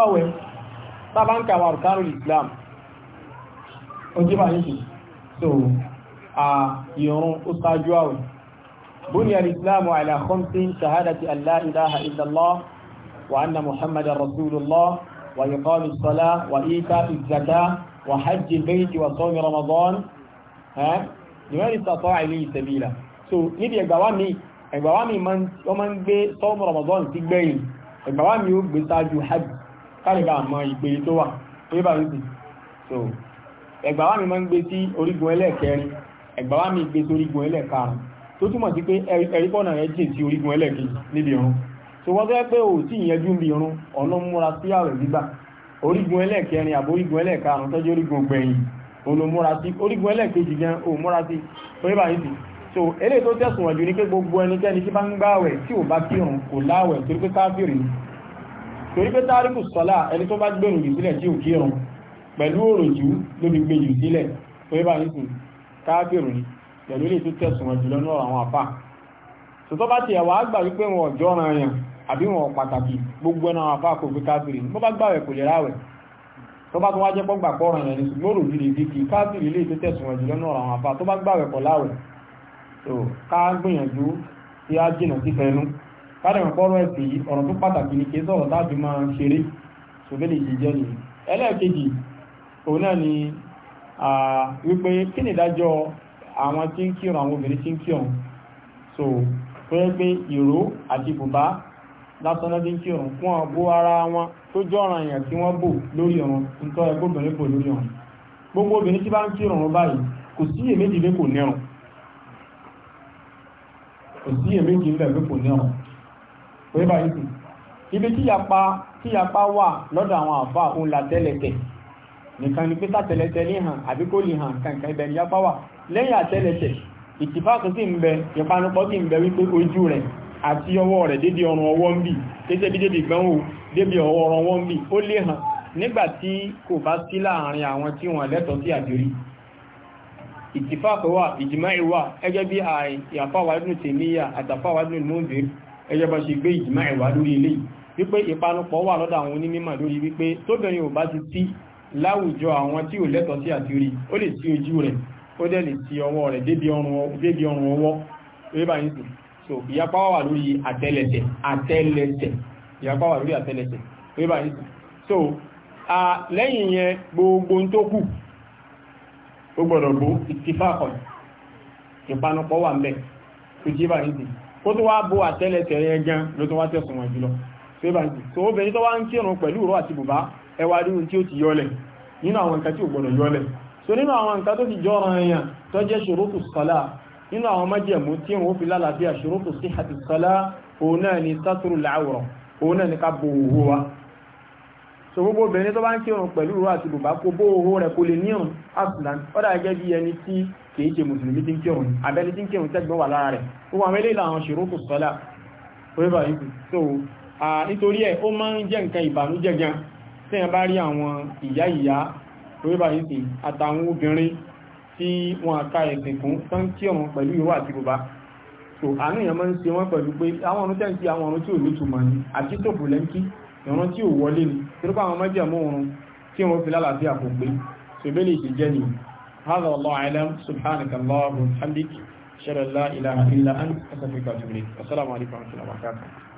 àwẹ̀ وأن محمد رسول الله وإقام الصلاة وإيتاء الزكاة وحج البيت وصوم رمضان ها لمن استطاع إليه سبيلا so níbi ẹgbàwá mi ẹgbàwá mi wọ́n máa ń gbé sọ́ọ̀mù Ramadan sí gbẹ̀yìn ẹgbàwá mi ó gbé sáájú hajj kálíbà àmọ́ ìgbé tó wà pépà lóṣì so ẹgbàwá mi máa ń gbé sí orígun ẹlẹ́ẹ̀kẹrin ẹgbàwá mi gbé sí orígun ẹlẹ́ẹ̀karùn-ún tó túmọ̀ sí pé ẹ̀rí pọ̀nà rẹ̀ jìn sí orígun ẹlẹ́ẹ̀kejì níbi ọ̀run so wọ́n tẹ́ pé ò tí ìyẹjú ń bi irun ọ̀nà múra sí ààrẹ gbígbà orígun ẹlẹ́ẹ̀kẹrin àbò orígun ẹlẹ́ẹ̀karùn tọ́jú orígun gbẹ̀yìn olùmúra sí orígun ẹlẹ́ẹ̀kejì gan ò múra sí pẹ́bà so eré tó tẹ̀sùn wọ̀jú ni bá ń gbààwẹ̀ tí ni torí pé táríkù sọ́lá ẹni tó bá gbèrò jù sílẹ̀ tí ò kírun pẹ̀lú òròjú ló fi gbé jù sílẹ̀ pẹ́bà yìí sì káfíìrì ni pẹ̀lú eré tó tẹ̀sùn wọ̀jú lọ́nà àwọn àfà so tó bá tiẹ̀ wàá gbà wípé wọn ọ̀jọ́ ọ̀ràn yàn àbí wọn pàtàkì gbogbo ẹ̀nà àwọn afáàkò fi káfìrí bó bá gbàwẹ̀ kò lè ráwẹ̀ tó bá tó wá jẹ́ pọ́gbà pọ́rọ̀ yẹn ní lóòrò líle díkì káfìrí lè tó tẹ̀sùn ẹ̀jù lọ́nà àwọn afá tó bá gbàwẹ̀ kò láwẹ̀ tó ká gbìyànjú tí a jìnà sí fẹnu kádẹ̀mọ̀ pọ́rọ̀ so tó yẹ pé ìró àti bùbá lásán lọ́dún kí òun fún ọgbó ara wọn tó jọ ọ̀ràn èèyàn tí wọ́n bò lórí ọ̀run nǹkan ẹgbẹ́ obìnrin bò lórí ọ̀run gbogbo obìnrin tí bá ń kí ìrọ̀rùn báyìí kò sí èméjì lé kò nírun kò sí èméjì lé pé kò nírun pé báyìí sì ibi tíyapa tíyapa wà lọ́dọ̀ àwọn àbá òun la tẹ́lẹ̀tẹ̀ nìkan ni pé sátẹ̀lẹ̀tẹ̀ ní hàn àbí kò lè hàn kankan ibẹ̀ níyapa wà lẹ́yìn àtẹ́lẹ̀tẹ̀ ìtìfáàkì sì ń bẹ ìpanupọ̀ sì ń bẹ wípé ojú rẹ̀ àti ọwọ́ rẹ̀ débi ọrùn ọwọ́ ń bì kéṣe bí débi gbọ́nwò débi ọwọ́ ọrùn ọwọ́ ń bì ó lè hàn nígbà tí kò bá sí láàrin àwọn tí wọ́n lẹ́tọ̀ọ́ sí àjòrí ìtìfáàkì wà ìjìmáì wà ẹgẹ́ bí àfáwádùn tèmíyà àtàfáwádùn mọ́bìr ẹgẹ́ bá ṣe gbé ìjìmáì wà lórí ilé wípé ìpanupọ̀ wà lọ́dọ̀ àwọn onímọ̀ lórí wípé tóbìnrin ò bá ti sí láwùjọ àwọn tí ò lẹ́tọ̀ọ́ sí àjòrí ó lè sí ojú rẹ̀ ó dẹ̀ lè sí ọwọ́ rẹ̀ débi ọrùn ọwọ́ so ìyapa wà lórí àtẹ́lẹsẹ̀ àtẹ́lẹsẹ̀ ìyapa wà lórí àtẹ́lẹsẹ̀ pé báyìí so a lẹ́yìn yẹn gbogbo tó kù ó gbọ́dọ̀ bó ìtìfàkọ̀n ìpanupọ̀ wà mẹ́ tó jí báyìí sí ó tó wá bó àtẹ́lẹsẹ̀ yẹn gan ló tó wá tẹ̀sùn wọn jùlọ pé báyìí so obìnrin tó wá ń kírun pẹ̀lú ìró àti bùbá ẹwà ríhun tí ó ti yọlẹ̀ nínú àwọn nǹkan tí ò gbọ́dọ̀ yọlẹ̀ so nínú àwọn nǹkan tó ti jọ́ran èèyàn tó jẹ́ ṣòro kù sọ́lá nínú àwọn májẹ̀mú tí wọ́n fi lálàáfíà ṣòrótò sí àti sọ́lá òun náà ni sátúrù làwòrán òun náà ni ká bo òhó wa so gbogbo obìnrin tó bá ń kírun pẹ̀lú ìró àti bùbá kó bó òhó rẹ̀ kó lè níhùn aslan ọ̀dà gẹ́gẹ́ bí ẹni tí kìí ṣe mùsùlùmí tí ń kírun abẹ́ni tí ń kírun tẹ́gbọ́n wà lára rẹ̀ gbogbo àwọn eléyìí làwọn ṣòrótò sọ́lá oríba yìí so nítorí ẹ̀ ó máa ń jẹ́ nǹkan ìbànújẹ́ gan tí wọ́n bá rí àwọn ìyá ìyá oríba yìí àtàwọn obìnrin tí wọ́n àká ẹ̀sìn fún tán kí ọmọ pẹ̀lú ìwà àti bùbá so àánú èèyàn máa ń se wọ́n pẹ̀lú pé àwọn ọ̀run tẹ́ǹkì àwọn ọ̀run tí ò ní túmọ̀ ni àti tòbù lẹ́ǹkì ìran tí ò wọlé ni torí pé àwọn mọ́jẹ̀mú oorun tí wọ́n fi lálàáfíà kò pé so bẹ́lẹ̀ ìṣe jẹ́ ni هذا والله أعلم سبحانك اللهم وبحمدك أشهد أن لا إله إلا أنت أستغفرك